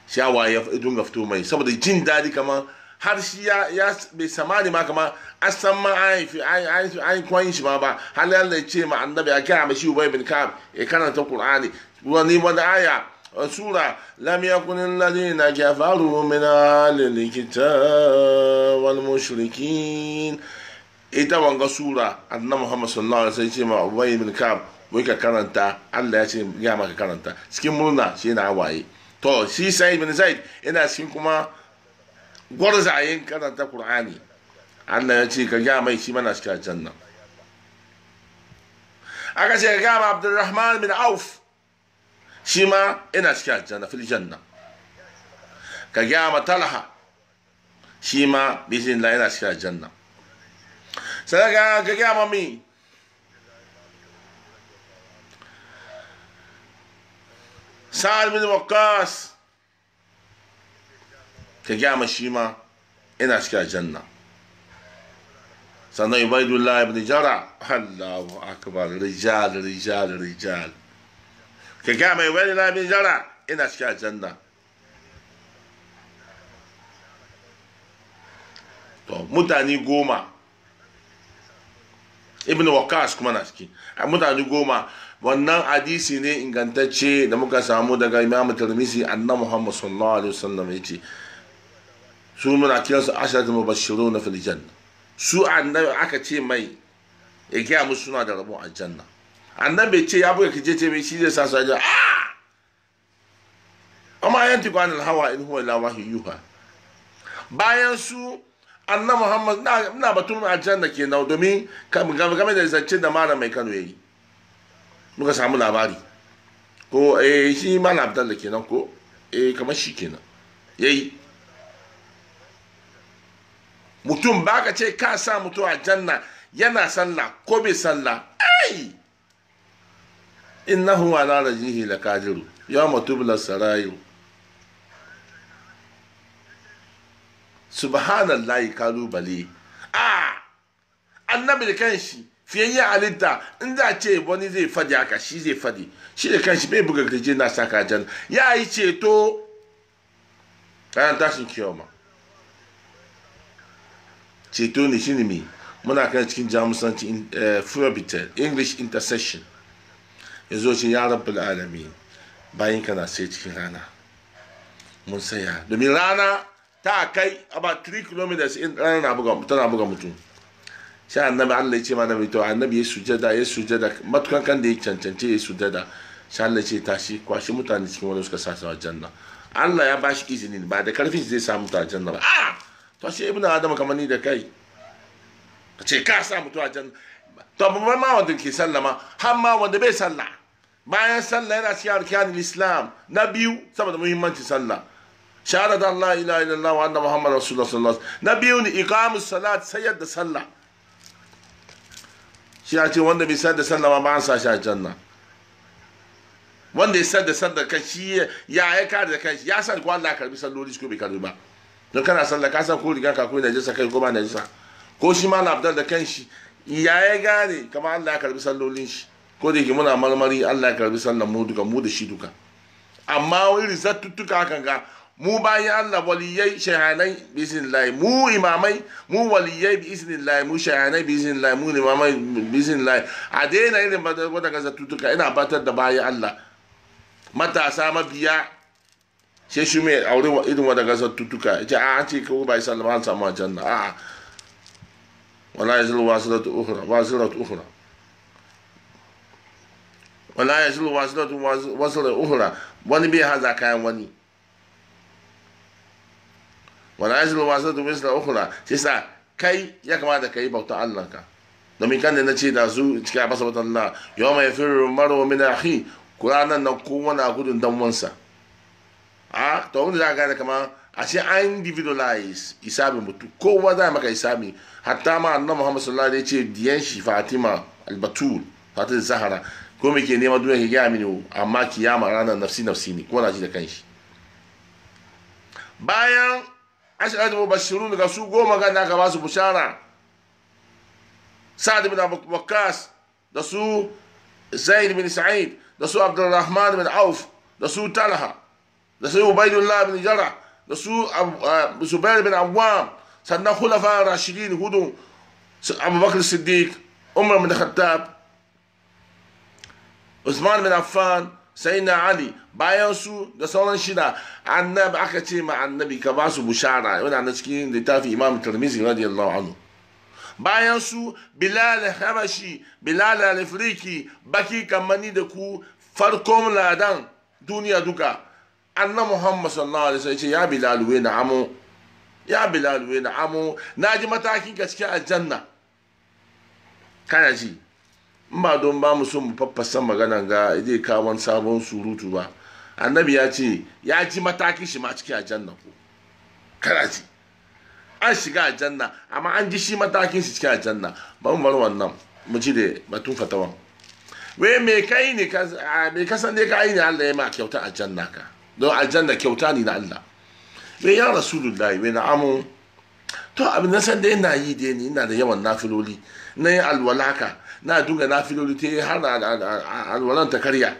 Speaker 1: shawa ya dunga fito mai saboda jin dadi kamar har shi ya ya bai samani ma kamar asan ma an fi ai ai shi ma ba har Allah ya ce ma annabi a kira shi ubay bin kab ya karanta qur'ani wani wani aya سورة لم يكن الذين كفروا من أهل الكتاب والمشركين ita wanga sura annabi Muhammad sallallahu alaihi wasallam ce ma Ubay bin Ka'ab wai ka karanta Allah ya ce ya maka karanta cikin murna shi na waye to shi sai bin Zaid ina cikin kuma gwarzayen karanta Qur'ani Allah ya ce ka ga mai shi mana cikin janna aka ce ka ga ma Abdurrahman bin Auf shi ma ina cikin janna fil janna ka ga ma Talha shi ma bishin la yana cikin janna Sasa chequeamos a mí. Sa'ad bin Waqqas. Chequeamos Shima. Ina cikin janna. sannan ubaidullah ibn jara allahu akbar rijal rijal rijal ka ga mai ubaidullah ibn jara ina cikin aljanna to mutane goma ibn waqas kuma na ciki mutane goma wannan hadisi ne ingantacce da muka samu daga imam tirmisi annabi muhammad sallallahu alaihi wasallam yace su muna kiransu asharatu mubashshiruna fil janna su annabi aka ce mai ya gaya musu suna da rabon aljanna annabi ce ya buga kije ce mai shi zai sa su aljanna amma yanti qanil hawa in huwa illa wahyuha bayan su annan muhammad na batun da ke na domin game da zance da mara mai kano ya yi muka samu labari ko eh shi mala abdalla ke nan ko eh kamar shi kenan ya mutum ba ka ce ka sa mutum janna yana sallah ko bai sallah ai innahu ala rajihi lakajiru ya matubla sarayu subhanallahi kalubale a annabi da kanshi fiye ya halitta in za ce wani zai fadi haka shi zai fadi shi da kanshi bai buga gaje na saka jan ya yi ceto ranar tashin kiyoma ceto ne shi ne muna kan cikin jamusanci eh, furobitel english intercession ya zo ce ya rabbul alami bayan kana sai cikin rana mun saya domin rana ta kai about 3 kilometers in ranar na buga tana buga mutum sai annabi Allah ya ce ma nabi to annabi ya sujada ya sujada matukan kan da ya cancanci ya sujada sai Allah ya ce tashi kwashi mutane cikin wani suka sasa wa janna Allah ya bashi izini ba da karfin zai sa a janna ba a to shi ibnu adam kamar ni da kai ka ce ka sa mutu a janna to ba ma wanda ke ma, har ma wanda bai sallah bayan sallah yana cikin arkanin islam na biyu saboda muhimmancin sallah shahada Allah ila ila wa anna Muhammad Rasulullah sallallahu alaihi na biyu ne iqamu salat sayar da sallah shi ya ce wanda bai sayar da sallah ba an sa shi a janna wanda ya sayar da sallah kan shi ya ya kare da kai ya san ko Allah karbi salloli shi ko bai karbi ba don kana sallah ka san ko riga ka ko najisa kai ko ba najisa ko shi ma na abdal da kanshi ya ya gane kamar Allah ya karbi sallolin shi ko da yake muna marmari Allah ya karbi sallan mu duka mu da shi duka amma wai rizattuttuka kan ga mu bayan Allah waliyai shahanai bi lai mu imamai mu waliyai bi lai mu shahanai bi lai mu imamai bi lai a daina irin wata kasa tutuka ina batar da bayan Allah matasa mabiya she shi mai aure irin wata kasa tutuka ce a ce ko bai sallama an samu janna a wala yazlu wasilatu ukhra wasilatu ukhra wala yazlu wasilatu wasilatu ukhra wani bai haza kayan wani wala wasa wasatu misla ukhra shi sa kai ya kamata kai bautan Allah ka domin kan da na ce da su cikin a basa watan na yau mai firin maro min ahi kuranan na kowane gudun dan wansa a to wanda za ka gane kamar a ce an individualize isabi mutu kowa za maka isabi hatta ma annabi muhammad sallallahu alaihi ce diyan shi fatima albatul fatima zahara ko me ke neman duniya ke gaya mini amma kiyama ranar nafsi nafsi ne ko na ji da kanshi bayan عشر عدد مبشرون قاسو قوما قاعد ناقا باسو بشارع سعد بن أبو وكاس دسو زيد بن سعيد دسو عبد الرحمن بن عوف دسو تلها دسو عبيد الله بن جرع دسو أبو آه، زبير بن عوام سنة خلفاء راشدين هدو أبو بكر الصديق عمر بن الخطاب عثمان بن عفان sai na ali bayan su da sauran shida annabi aka ce ma annabi ka ba su bushara yana na cikin littafin imam tirmizi radiyallahu anhu bayan su bilal habashi bilal al-afriki baki kamani da ku farkon ladan duniya duka anna muhammad sallallahu alaihi wasallam ya ce ya bilal wa na'amu ya bilal wa na'amu naji matakin ka cikin aljanna kana ji ba don ba mu so mu faffasa maganan ga zai kawo sabon surutu ba annabi ya ce ya ji matakin shi ma ciki a janna ko karaci an shiga a janna amma an ji shi matakin shi ciki a janna ba mu bar wannan mu ji da batun fatawan we me kai ne ka me ka san dai kai ne Allah ya ma kyauta a janna ka don aljanna kyauta ne na Allah we ya rasulullahi we na amu to abin na san dai ina yi dai ni ina da yawan nafiloli na yin alwalaka na dunga na filoli te har na alwalan ta karya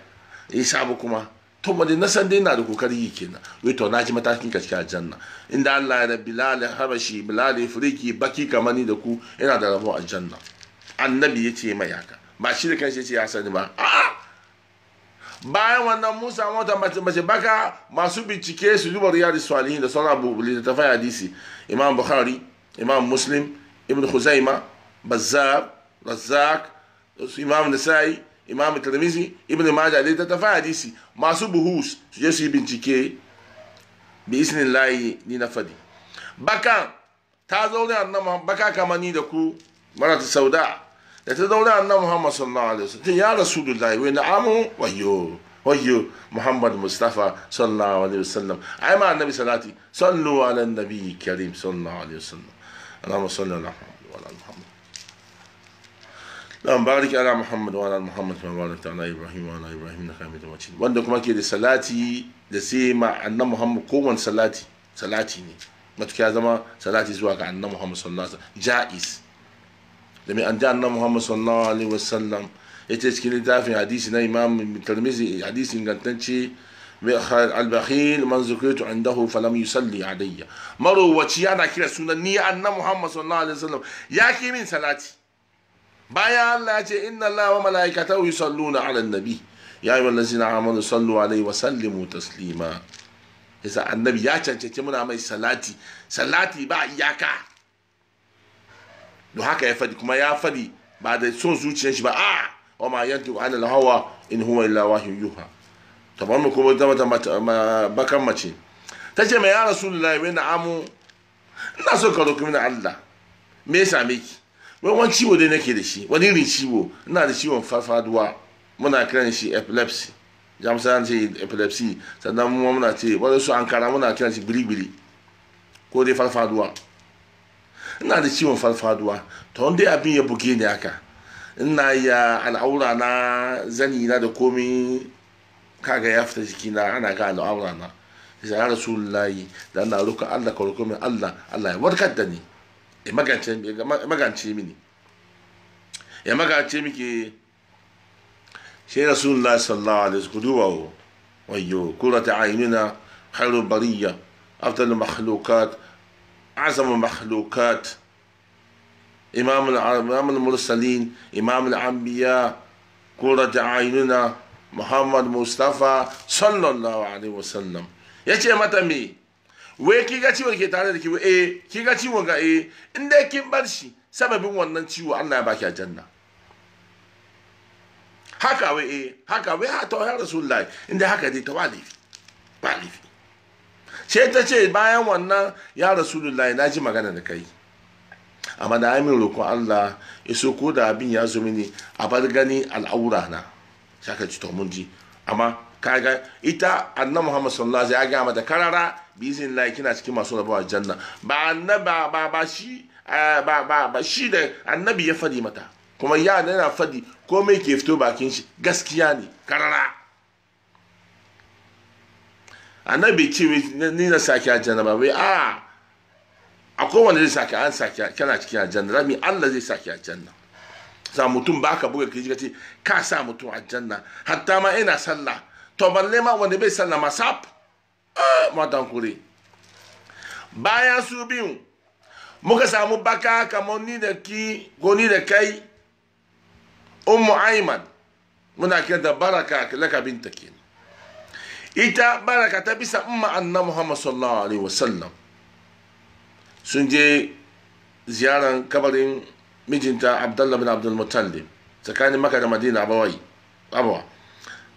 Speaker 1: ya sabu kuma to madi na san dai na da kokari yi kenan wai to na ji matakin ka cikin aljanna inda Allah ya rabbi bilali habashi bilali firiki baki kamani da ku yana da rabo aljanna annabi ya ce mai haka ba shi da kanshi ya ce ya sani ba bayan wannan musa mota mace baka masu bincike su duba riyadu salihin da sauran abu littattafai hadisi imam bukhari imam muslim ibn khuzaima bazzar razzaq su imam nasai imam tirmizi ibn majah da ta tafa hadisi masu buhus su je su yi bincike bi isnin layi ni na fadi baka ta zaune annan baka kama ni da ku mara ta sauda da ta zaune annan muhammad sallallahu alaihi wasallam ya rasulullahi wa na'amu wayyo wayyo muhammad mustafa sallallahu alaihi wasallam ai ma annabi salati sallu ala nabi karim sallallahu alaihi wasallam اللهم na'am barik ala muhammad wa ala muhammad wa barik ala ibrahim wa ala ibrahim na innaka hamidum majid wanda kuma ke da salati da sai ma annabi muhammad kowanne salati salati ne matuƙa ya zama salati zuwa ga annabi muhammad sallallahu alaihi wasallam ja'iz da mai an ji annabi muhammad sallallahu alaihi wasallam ya yace cikin littafin hadisi na imam tirmizi hadisi ingantacce البخيل من ذكرت عنده فلم يصلي علي مرو وتي انا yana kira sunan ni محمد صلى الله عليه وسلم يا كي من salati. bayan Allah ya ce inna Allah wa sallu na ala nabi ya ayyuhal ladzina amanu sallu alai wa sallimu taslima yasa annabi ya cancanci muna mai salati salati ba iyaka don haka ya fadi kuma ya fadi ba da son zuciyar shi ba a wa ma wa anil hawa in huwa illa yuha tabar mu kuma zama bakan mace ta ce mai ya rasulullahi wani amu ina so ka roƙi mini Allah me ya same ki wani ciwo dai nake da shi wani irin ciwo ina da ciwon farfaduwa muna kiran shi epilepsy jamsa ce epilepsy sannan mu muna ce wani su ankara muna kiran shi biribiri ko dai farfaduwa ina da ciwon farfaduwa to wanda abin ya buge ni aka ina ya al'aura na zani na da komi kaga ya fita jiki na ana ga al'aura na sai ya rasulullahi da na roƙa Allah ka ruka min Allah Allah ya warkar da ni ya magance mini ya magance miki shi rasulullah sallallahu alaihi wasallam wayyo kurata aynina khairu bariya afdal makhlukat اعظم المخلوقات امام امام المرسلين امام الانبياء قرة عيننا محمد مصطفى صلى الله عليه وسلم يا متى مي wai ki ga ciwon ke tare da ki eh ki ga ciwon ga eh in dai kin bar shi sababin wannan ciwo Allah ya baki aljanna haka wai eh haka wai ha ta ya rasulullahi in dai haka dai ta walifi walifi ce ta ce bayan wannan ya rasulullahi na ji magana da kai amma da amin roƙon Allah iso ko da abin ya zo mini a bar gani al'aura na shaka ci to mun ji amma kaga ita annabi Muhammad sallallahu alaihi wasallam ya ga mata karara bizin la kina cikin masu rabuwa janna ba annaba ba ba shi eh, ba ba ba shi da annabi ya fadi mata kuma ya yana fadi komai ke fito bakin shi gaskiya ne karara annabi ce ni na saki janna ba bai a akwai wanda zai saki an saki kana cikin janna rami Allah zai saki janna sa mutum baka buga kiji ka ce ka sa mutum a janna hatta ma ina sallah tɔmɔ nɛma wanda bai san na masap ah matan kure bayan su biyu muka samu baka kamar ni da ki goni de kai ummu aiman muna kira da baraka laka bintaki ita baraka ta bisa umma anna muhammad sallallahu alaihi wasallam sunje ziyaran kabarin mijinta abdullah bin abdul mutallib tsakanin makka da madina abawai abawai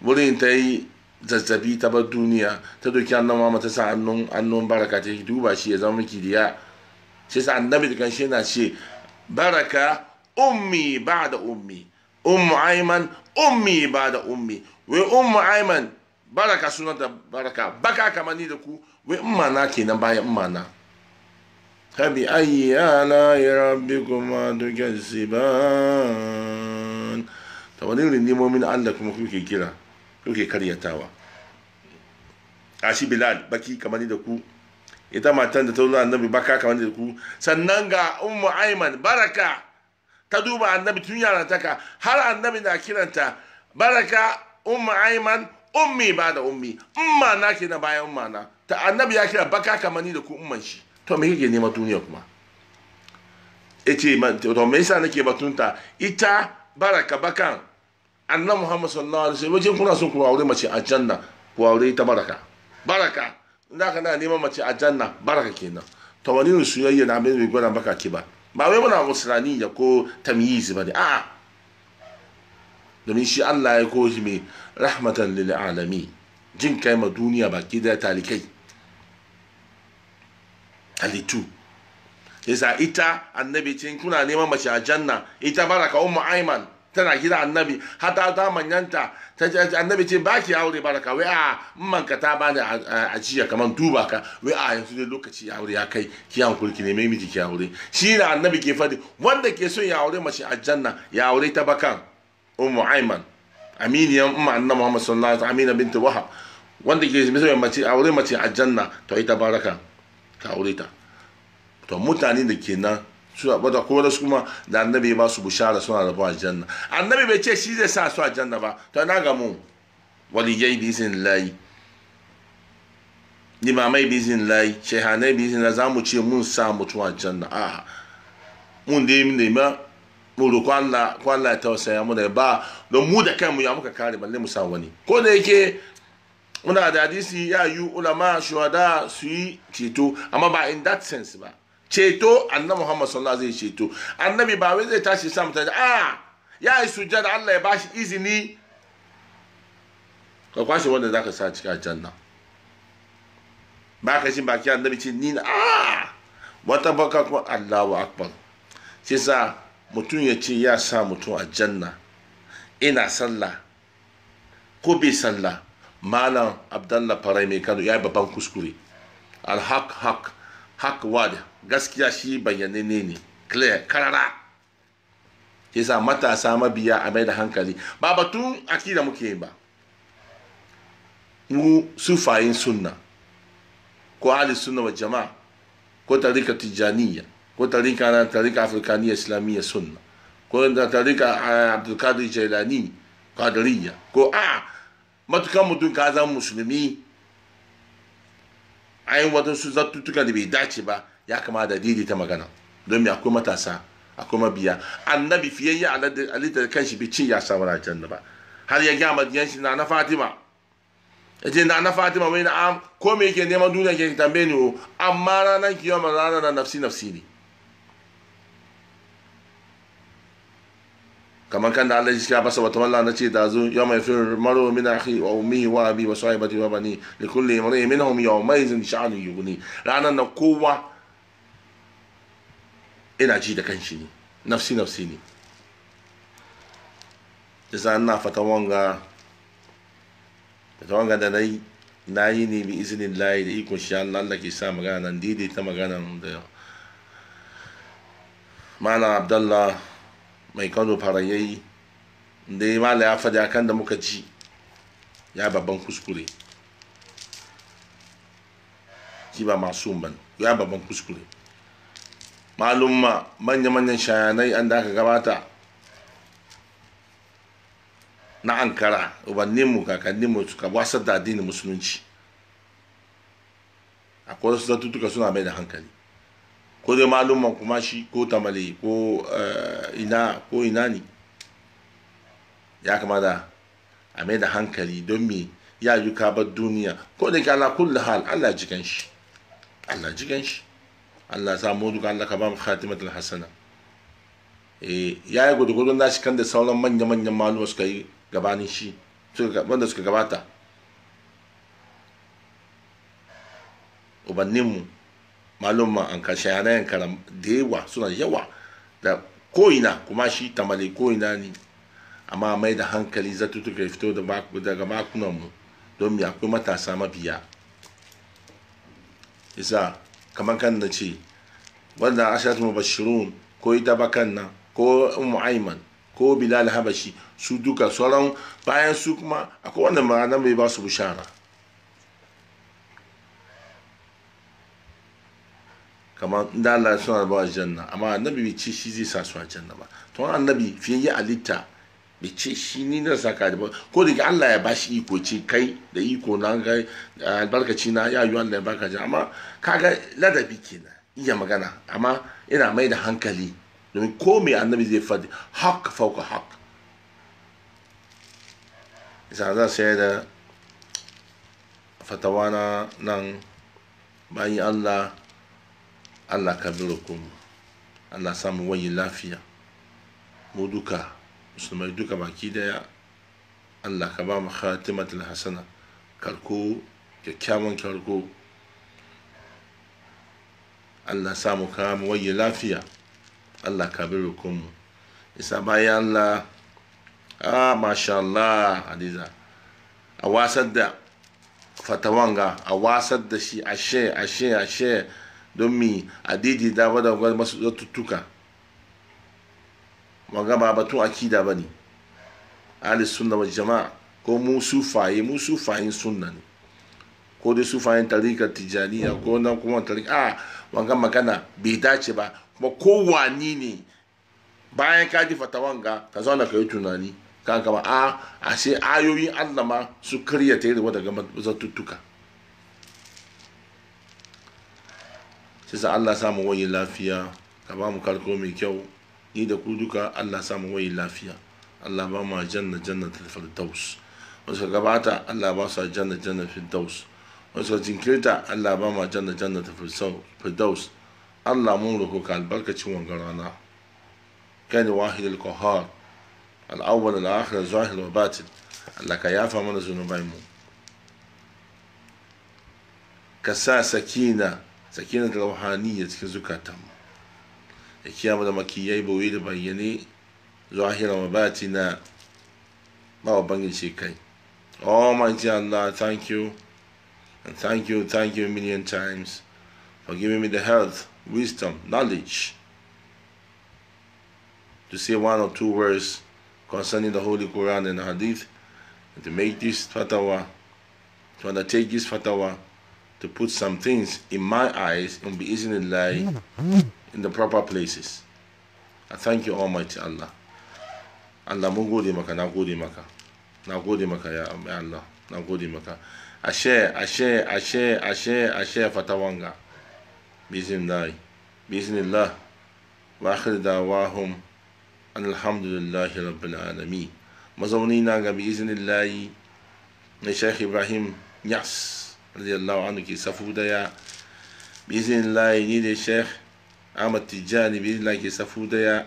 Speaker 1: wurin ta yi zazzabi ta bar duniya ta doki annan mama ta sa annon baraka ta yi duba shi ya zama miki diya sai sa annabi da kan ce baraka ummi ba da ummi ummu aiman ummi ba da ummi wai ummu aiman baraka sunan da baraka baka kamar ni da ku wai umma na kenan bayan umma na fabi ayi ala rabbikuma tukasiban ta wani rindimomin Allah kuma kuke kira yake karyatawa ashi bilal baki kamar da ku ita matan da ta zo annabi baka kamar da ku sannan ga ummu aiman baraka ta duba annabi tun taka har annabi na kiranta baraka ummu aiman ummi ba da ummi umma na ke na bayan umma na ta annabi ya kira baka kamar da ku umman shi to me kake nema duniya kuma yace to me yasa nake batunta ita baraka bakan annabi muhammad sallallahu alaihi wasallam wajen kuna son ku aure mace a janna ku aure ta baraka baraka inda ka na neman mace a janna baraka kenan to wani soyayya na bai gwada baka ki ba ba wai muna musulani ya ko tamyiz ba ne a domin shi Allah ya ko shi mai rahmatan lil alamin jin kai ma duniya baki da talikai halittu yasa ita annabi ce kuna neman mace a janna ita baraka ummu aiman tana gida annabi hata ta manyanta annabi ce ba ki aure baraka wai a manka ta bani ajiya kamar duba ka wai a yanzu dai lokaci ya aure ya kai ki kulki ne mai miji ki aure shi da annabi ke fadi wanda ke son ya aure mace aljanna ya aure ta bakan ummu aiman aminiyan umma annabi muhammad sallallahu alaihi wasallam amina bint wahab wanda ke son mace aure mace aljanna to ita baraka ka aure ta to mutane da kenan wata ko wasu kuma da annabi ba su bushara suna da a janna annabi bai ce shi zai sa su a janna ba to na ga mu waliyai bi izin layi limamai bi izin layi shehanai bi izin layi za mu ce mun sa mutum a janna a mun da yi nema mu roƙo Allah ko Allah ya tausaya mu da ba don mu da kanmu ya muka kare balle mu sa wani ko da yake muna da hadisi ya yi ulama shuhada su yi ceto amma ba in that sense ba ceto annabi muhammad sallallahu alaihi zai ceto annabi ba wai zai tashi sa mutane a ah, ya yi sujjada Allah ya bashi izini ka kwashe wanda zaka sa cikin janna ba ka shi baki annabi ce ni na a ah! wata baka kuma Allahu akbar shi sa mutum ya ce ya sa mutum a janna ina sallah ko bai sallah malam abdallah farai mai kano ya yi babban kuskure al haq haq wada gaskiya shi bayyane ne clear karara yasa matasa mabiya a mai da hankali ba batun akida muke ba mu sufayin sunna ko ali sunna wa jama'a ko tarika tijaniya ko tarika na tarika afrikaniya islamiyya sunna ko tarika eh, abdulkadir jailani kadiriya ko a matukan mutum ka zama musulmi wata su zattutuka da bai dace ba ya da didi ta magana don me akwai matasa akwai mabiya annabi fiye ya alita da kanshi bai ya samu rajen ba har ya gama diyan shi na na fatima ya ce na na fatima mai na am ko me yake neman duniya ke tambaye ni o oh, amma ranar kiyama ranar na nafsi nafsi ne kamar kan da Allah ya basa wata na ce da zu yau mai fir maro min akhi wa ummi wa abi wa sahibati wa bani imrin minhum yawma izin sha'anu yughni ranan na kowa ina ji da kanshi ne nafsi nafsi ne isa na fata wanga fata wanga da na yi na yi ne bi izinin layi da ikon shi Allah Allah ke sa magana nan ta magana da mana abdallah mai kano farayayi da ya mala ya fada kan da muka ji ya babban kuskure ki ba masu ban ya babban kuskure malumma manya-manyan shayanai an da aka gabata na ankara ubanninmu kakanninmu suka wasar da addinin musulunci akwai wasu zartutuka suna mai da hankali ko dai malumma kuma shi ko tamale ko eh, ina ko ina ne ya kamata a mai da hankali don me ya yi kabar duniya ko da ke ala kulli hal allah jikan shi allah jikan shi Allah ya samu duka Allah ka ba mu khatimatul hasana eh yayi gudugudun shi kan da sauran manya manyan maluma suka yi gabanin shi wanda suka gabata ubanninmu maluma an kashe yanayin karam da yawa suna yawa da ko'ina kuma shi tamale ko'ina ne amma mai da hankali zatutuka ya fito daga mu. don ya akwai matasa mabiya isa kamar kan na ce wanda ashirat mubashirun ko ita bakan nan ko ummu aiman ko bilal habashi su duka sauran bayan su kuma akwai wanda ma'ana bai ba su bishara kamar da Allah suna ba janna amma annabi bai ce shi zai sa su a janna ba to annabi fiye ya alitta bai ce shi ni na saka da ba ko da Allah ya bashi iko ce kai da iko na kai eh, albarkaci na ya yi Allah ya baka ji amma kaga ladabi ke kenan iya magana amma ina mai da hankali domin ko mai annabi zai faɗi hak fauka hak isa za su da na nan bayan Allah Allah ka biro kuma Allah samu wayi lafiya mu duka musulmai duka baki daya allah ka ba mu khatimatul hasana karko kyakkyawan karko allah samu ka mu lafiya allah ka bi rukunmu isa bayan allah ah masha allah hadiza a wasar da fatawanga a wasar da shi ashe ashe ashe don mi adidi da wadda masu tuttuka wanga ba batun akida ba ne alis sunna wa jama'a ko mu sufaye mu sufayen sunna ne ko dai sufayen tarikar tijaniya ko nan kuma tarikar a wanga magana bai dace ba kuma kowani ne bayan ka ji fatawanga ka zauna ka yi tunani kan kama a ce ayoyin allah ma su karya ta yi daga zatuttuka sai sa allah samu wani lafiya ka ba mu karko mai kyau ni da ku duka Allah samu wai lafiya Allah ba ma janna jannatul firdaus wasu gabata Allah ba sa janna jannatul firdaus wasu jinkirta Allah ba ma janna jannatul firdaus Allah mun roko ka albarkacin wangan rana kai al-qahar al-awwal al-akhir zahir wa batin Allah ka الآخر الظاهر والباطن الله كيافا من sakina sakina سكينة سكينة cikin تكزكاتهم chiamano makiyai buwiri bayani zahira mabatina mawa bangin shikai almighty oh, allah thank you and thank you thank you a million times for giving me the health wisdom knowledge to say one or two words concerning the holy quran and hadith and to make this fatwa to undertake this fatwa to put some things in my eyes and be easily not like in the proper places i thank you almighty allah allah mun gode maka na gode maka na gode maka ya allah na gode maka ashe ashe ashe ashe ashe fatawanga bismillah bismillah wa akhir dawahum alhamdulillahi rabbil alamin mazauni na ga bismillah na sheikh ibrahim yas radiyallahu anhu ke safu daya bismillah ni da sheikh أحمد تيجاني بإذن الله كي سفوديا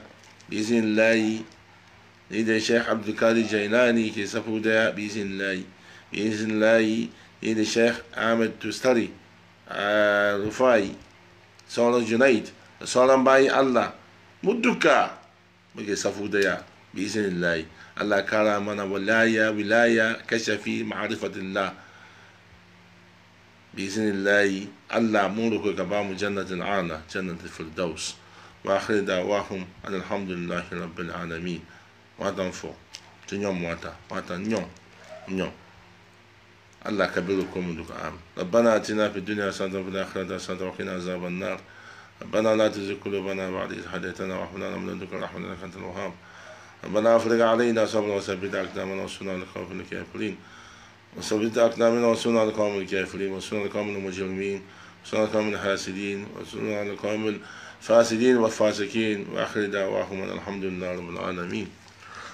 Speaker 1: بإذن الله إذا الشيخ عبد القادر جيلاني كي سفوديا بإذن الله بإذن الله إذا الشيخ أحمد تستري آه، رفاي صالح جنيد صالح باي الله مدكا بكي سفوديا بإذن الله الله كرمنا ولاية ولاية كشفي معرفة الله بإذن الله ألا مورك كبام جنة عالة جنة الفردوس وآخر دعواهم أن الحمد لله رب العالمين وأدنفو تنيوم واتا واتا نيوم نيوم الله كبيركم لك عام ربنا اتنا في الدنيا حسنه وفي الاخره حسنه وقنا عذاب النار ربنا لا تزغ قلوبنا بعد إذ هديتنا وهب لنا من لدنك رحمة إنك أنت الوهاب ربنا أفرغ علينا صبرا وثبت أقدامنا وانصرنا على القوم الكافرين وثبت أقدامنا وانصرنا على القوم الكافرين وانصرنا على القوم المجرمين وسنة من الحاسدين وسنة على القوم الفاسدين والفاسقين وآخر دعواهم ان الحمد لله رب العالمين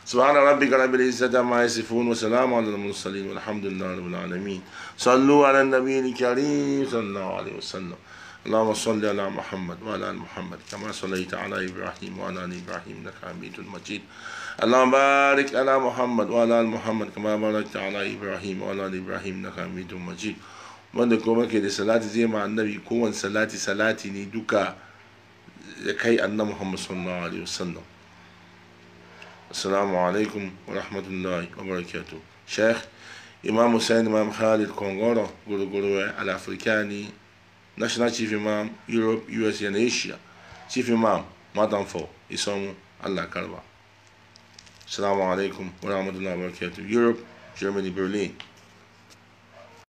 Speaker 1: سبحان ربك رب العزة ما يصفون وسلام على المرسلين والحمد لله رب العالمين صلوا على النبي الكريم صلى الله عليه وسلم اللهم صل على محمد وعلى ال محمد كما صليت على ابراهيم وعلى ال ابراهيم انك حميد مجيد اللهم بارك على محمد وعلى ال محمد كما باركت على ابراهيم وعلى ال ابراهيم انك حميد مجيد wanda kuma ke da salati zai ma annabi kowane salati salati ne duka ya kai annabi muhammad sallallahu alaihi wasallam assalamu alaikum wa rahmatullahi wa barakatuh sheikh imam hussein imam khalid kongoro guruguru al-afrikani national chief imam europe us and asia chief imam madam fo isomu allah karba assalamu alaikum wa rahmatullahi wa barakatuh europe germany berlin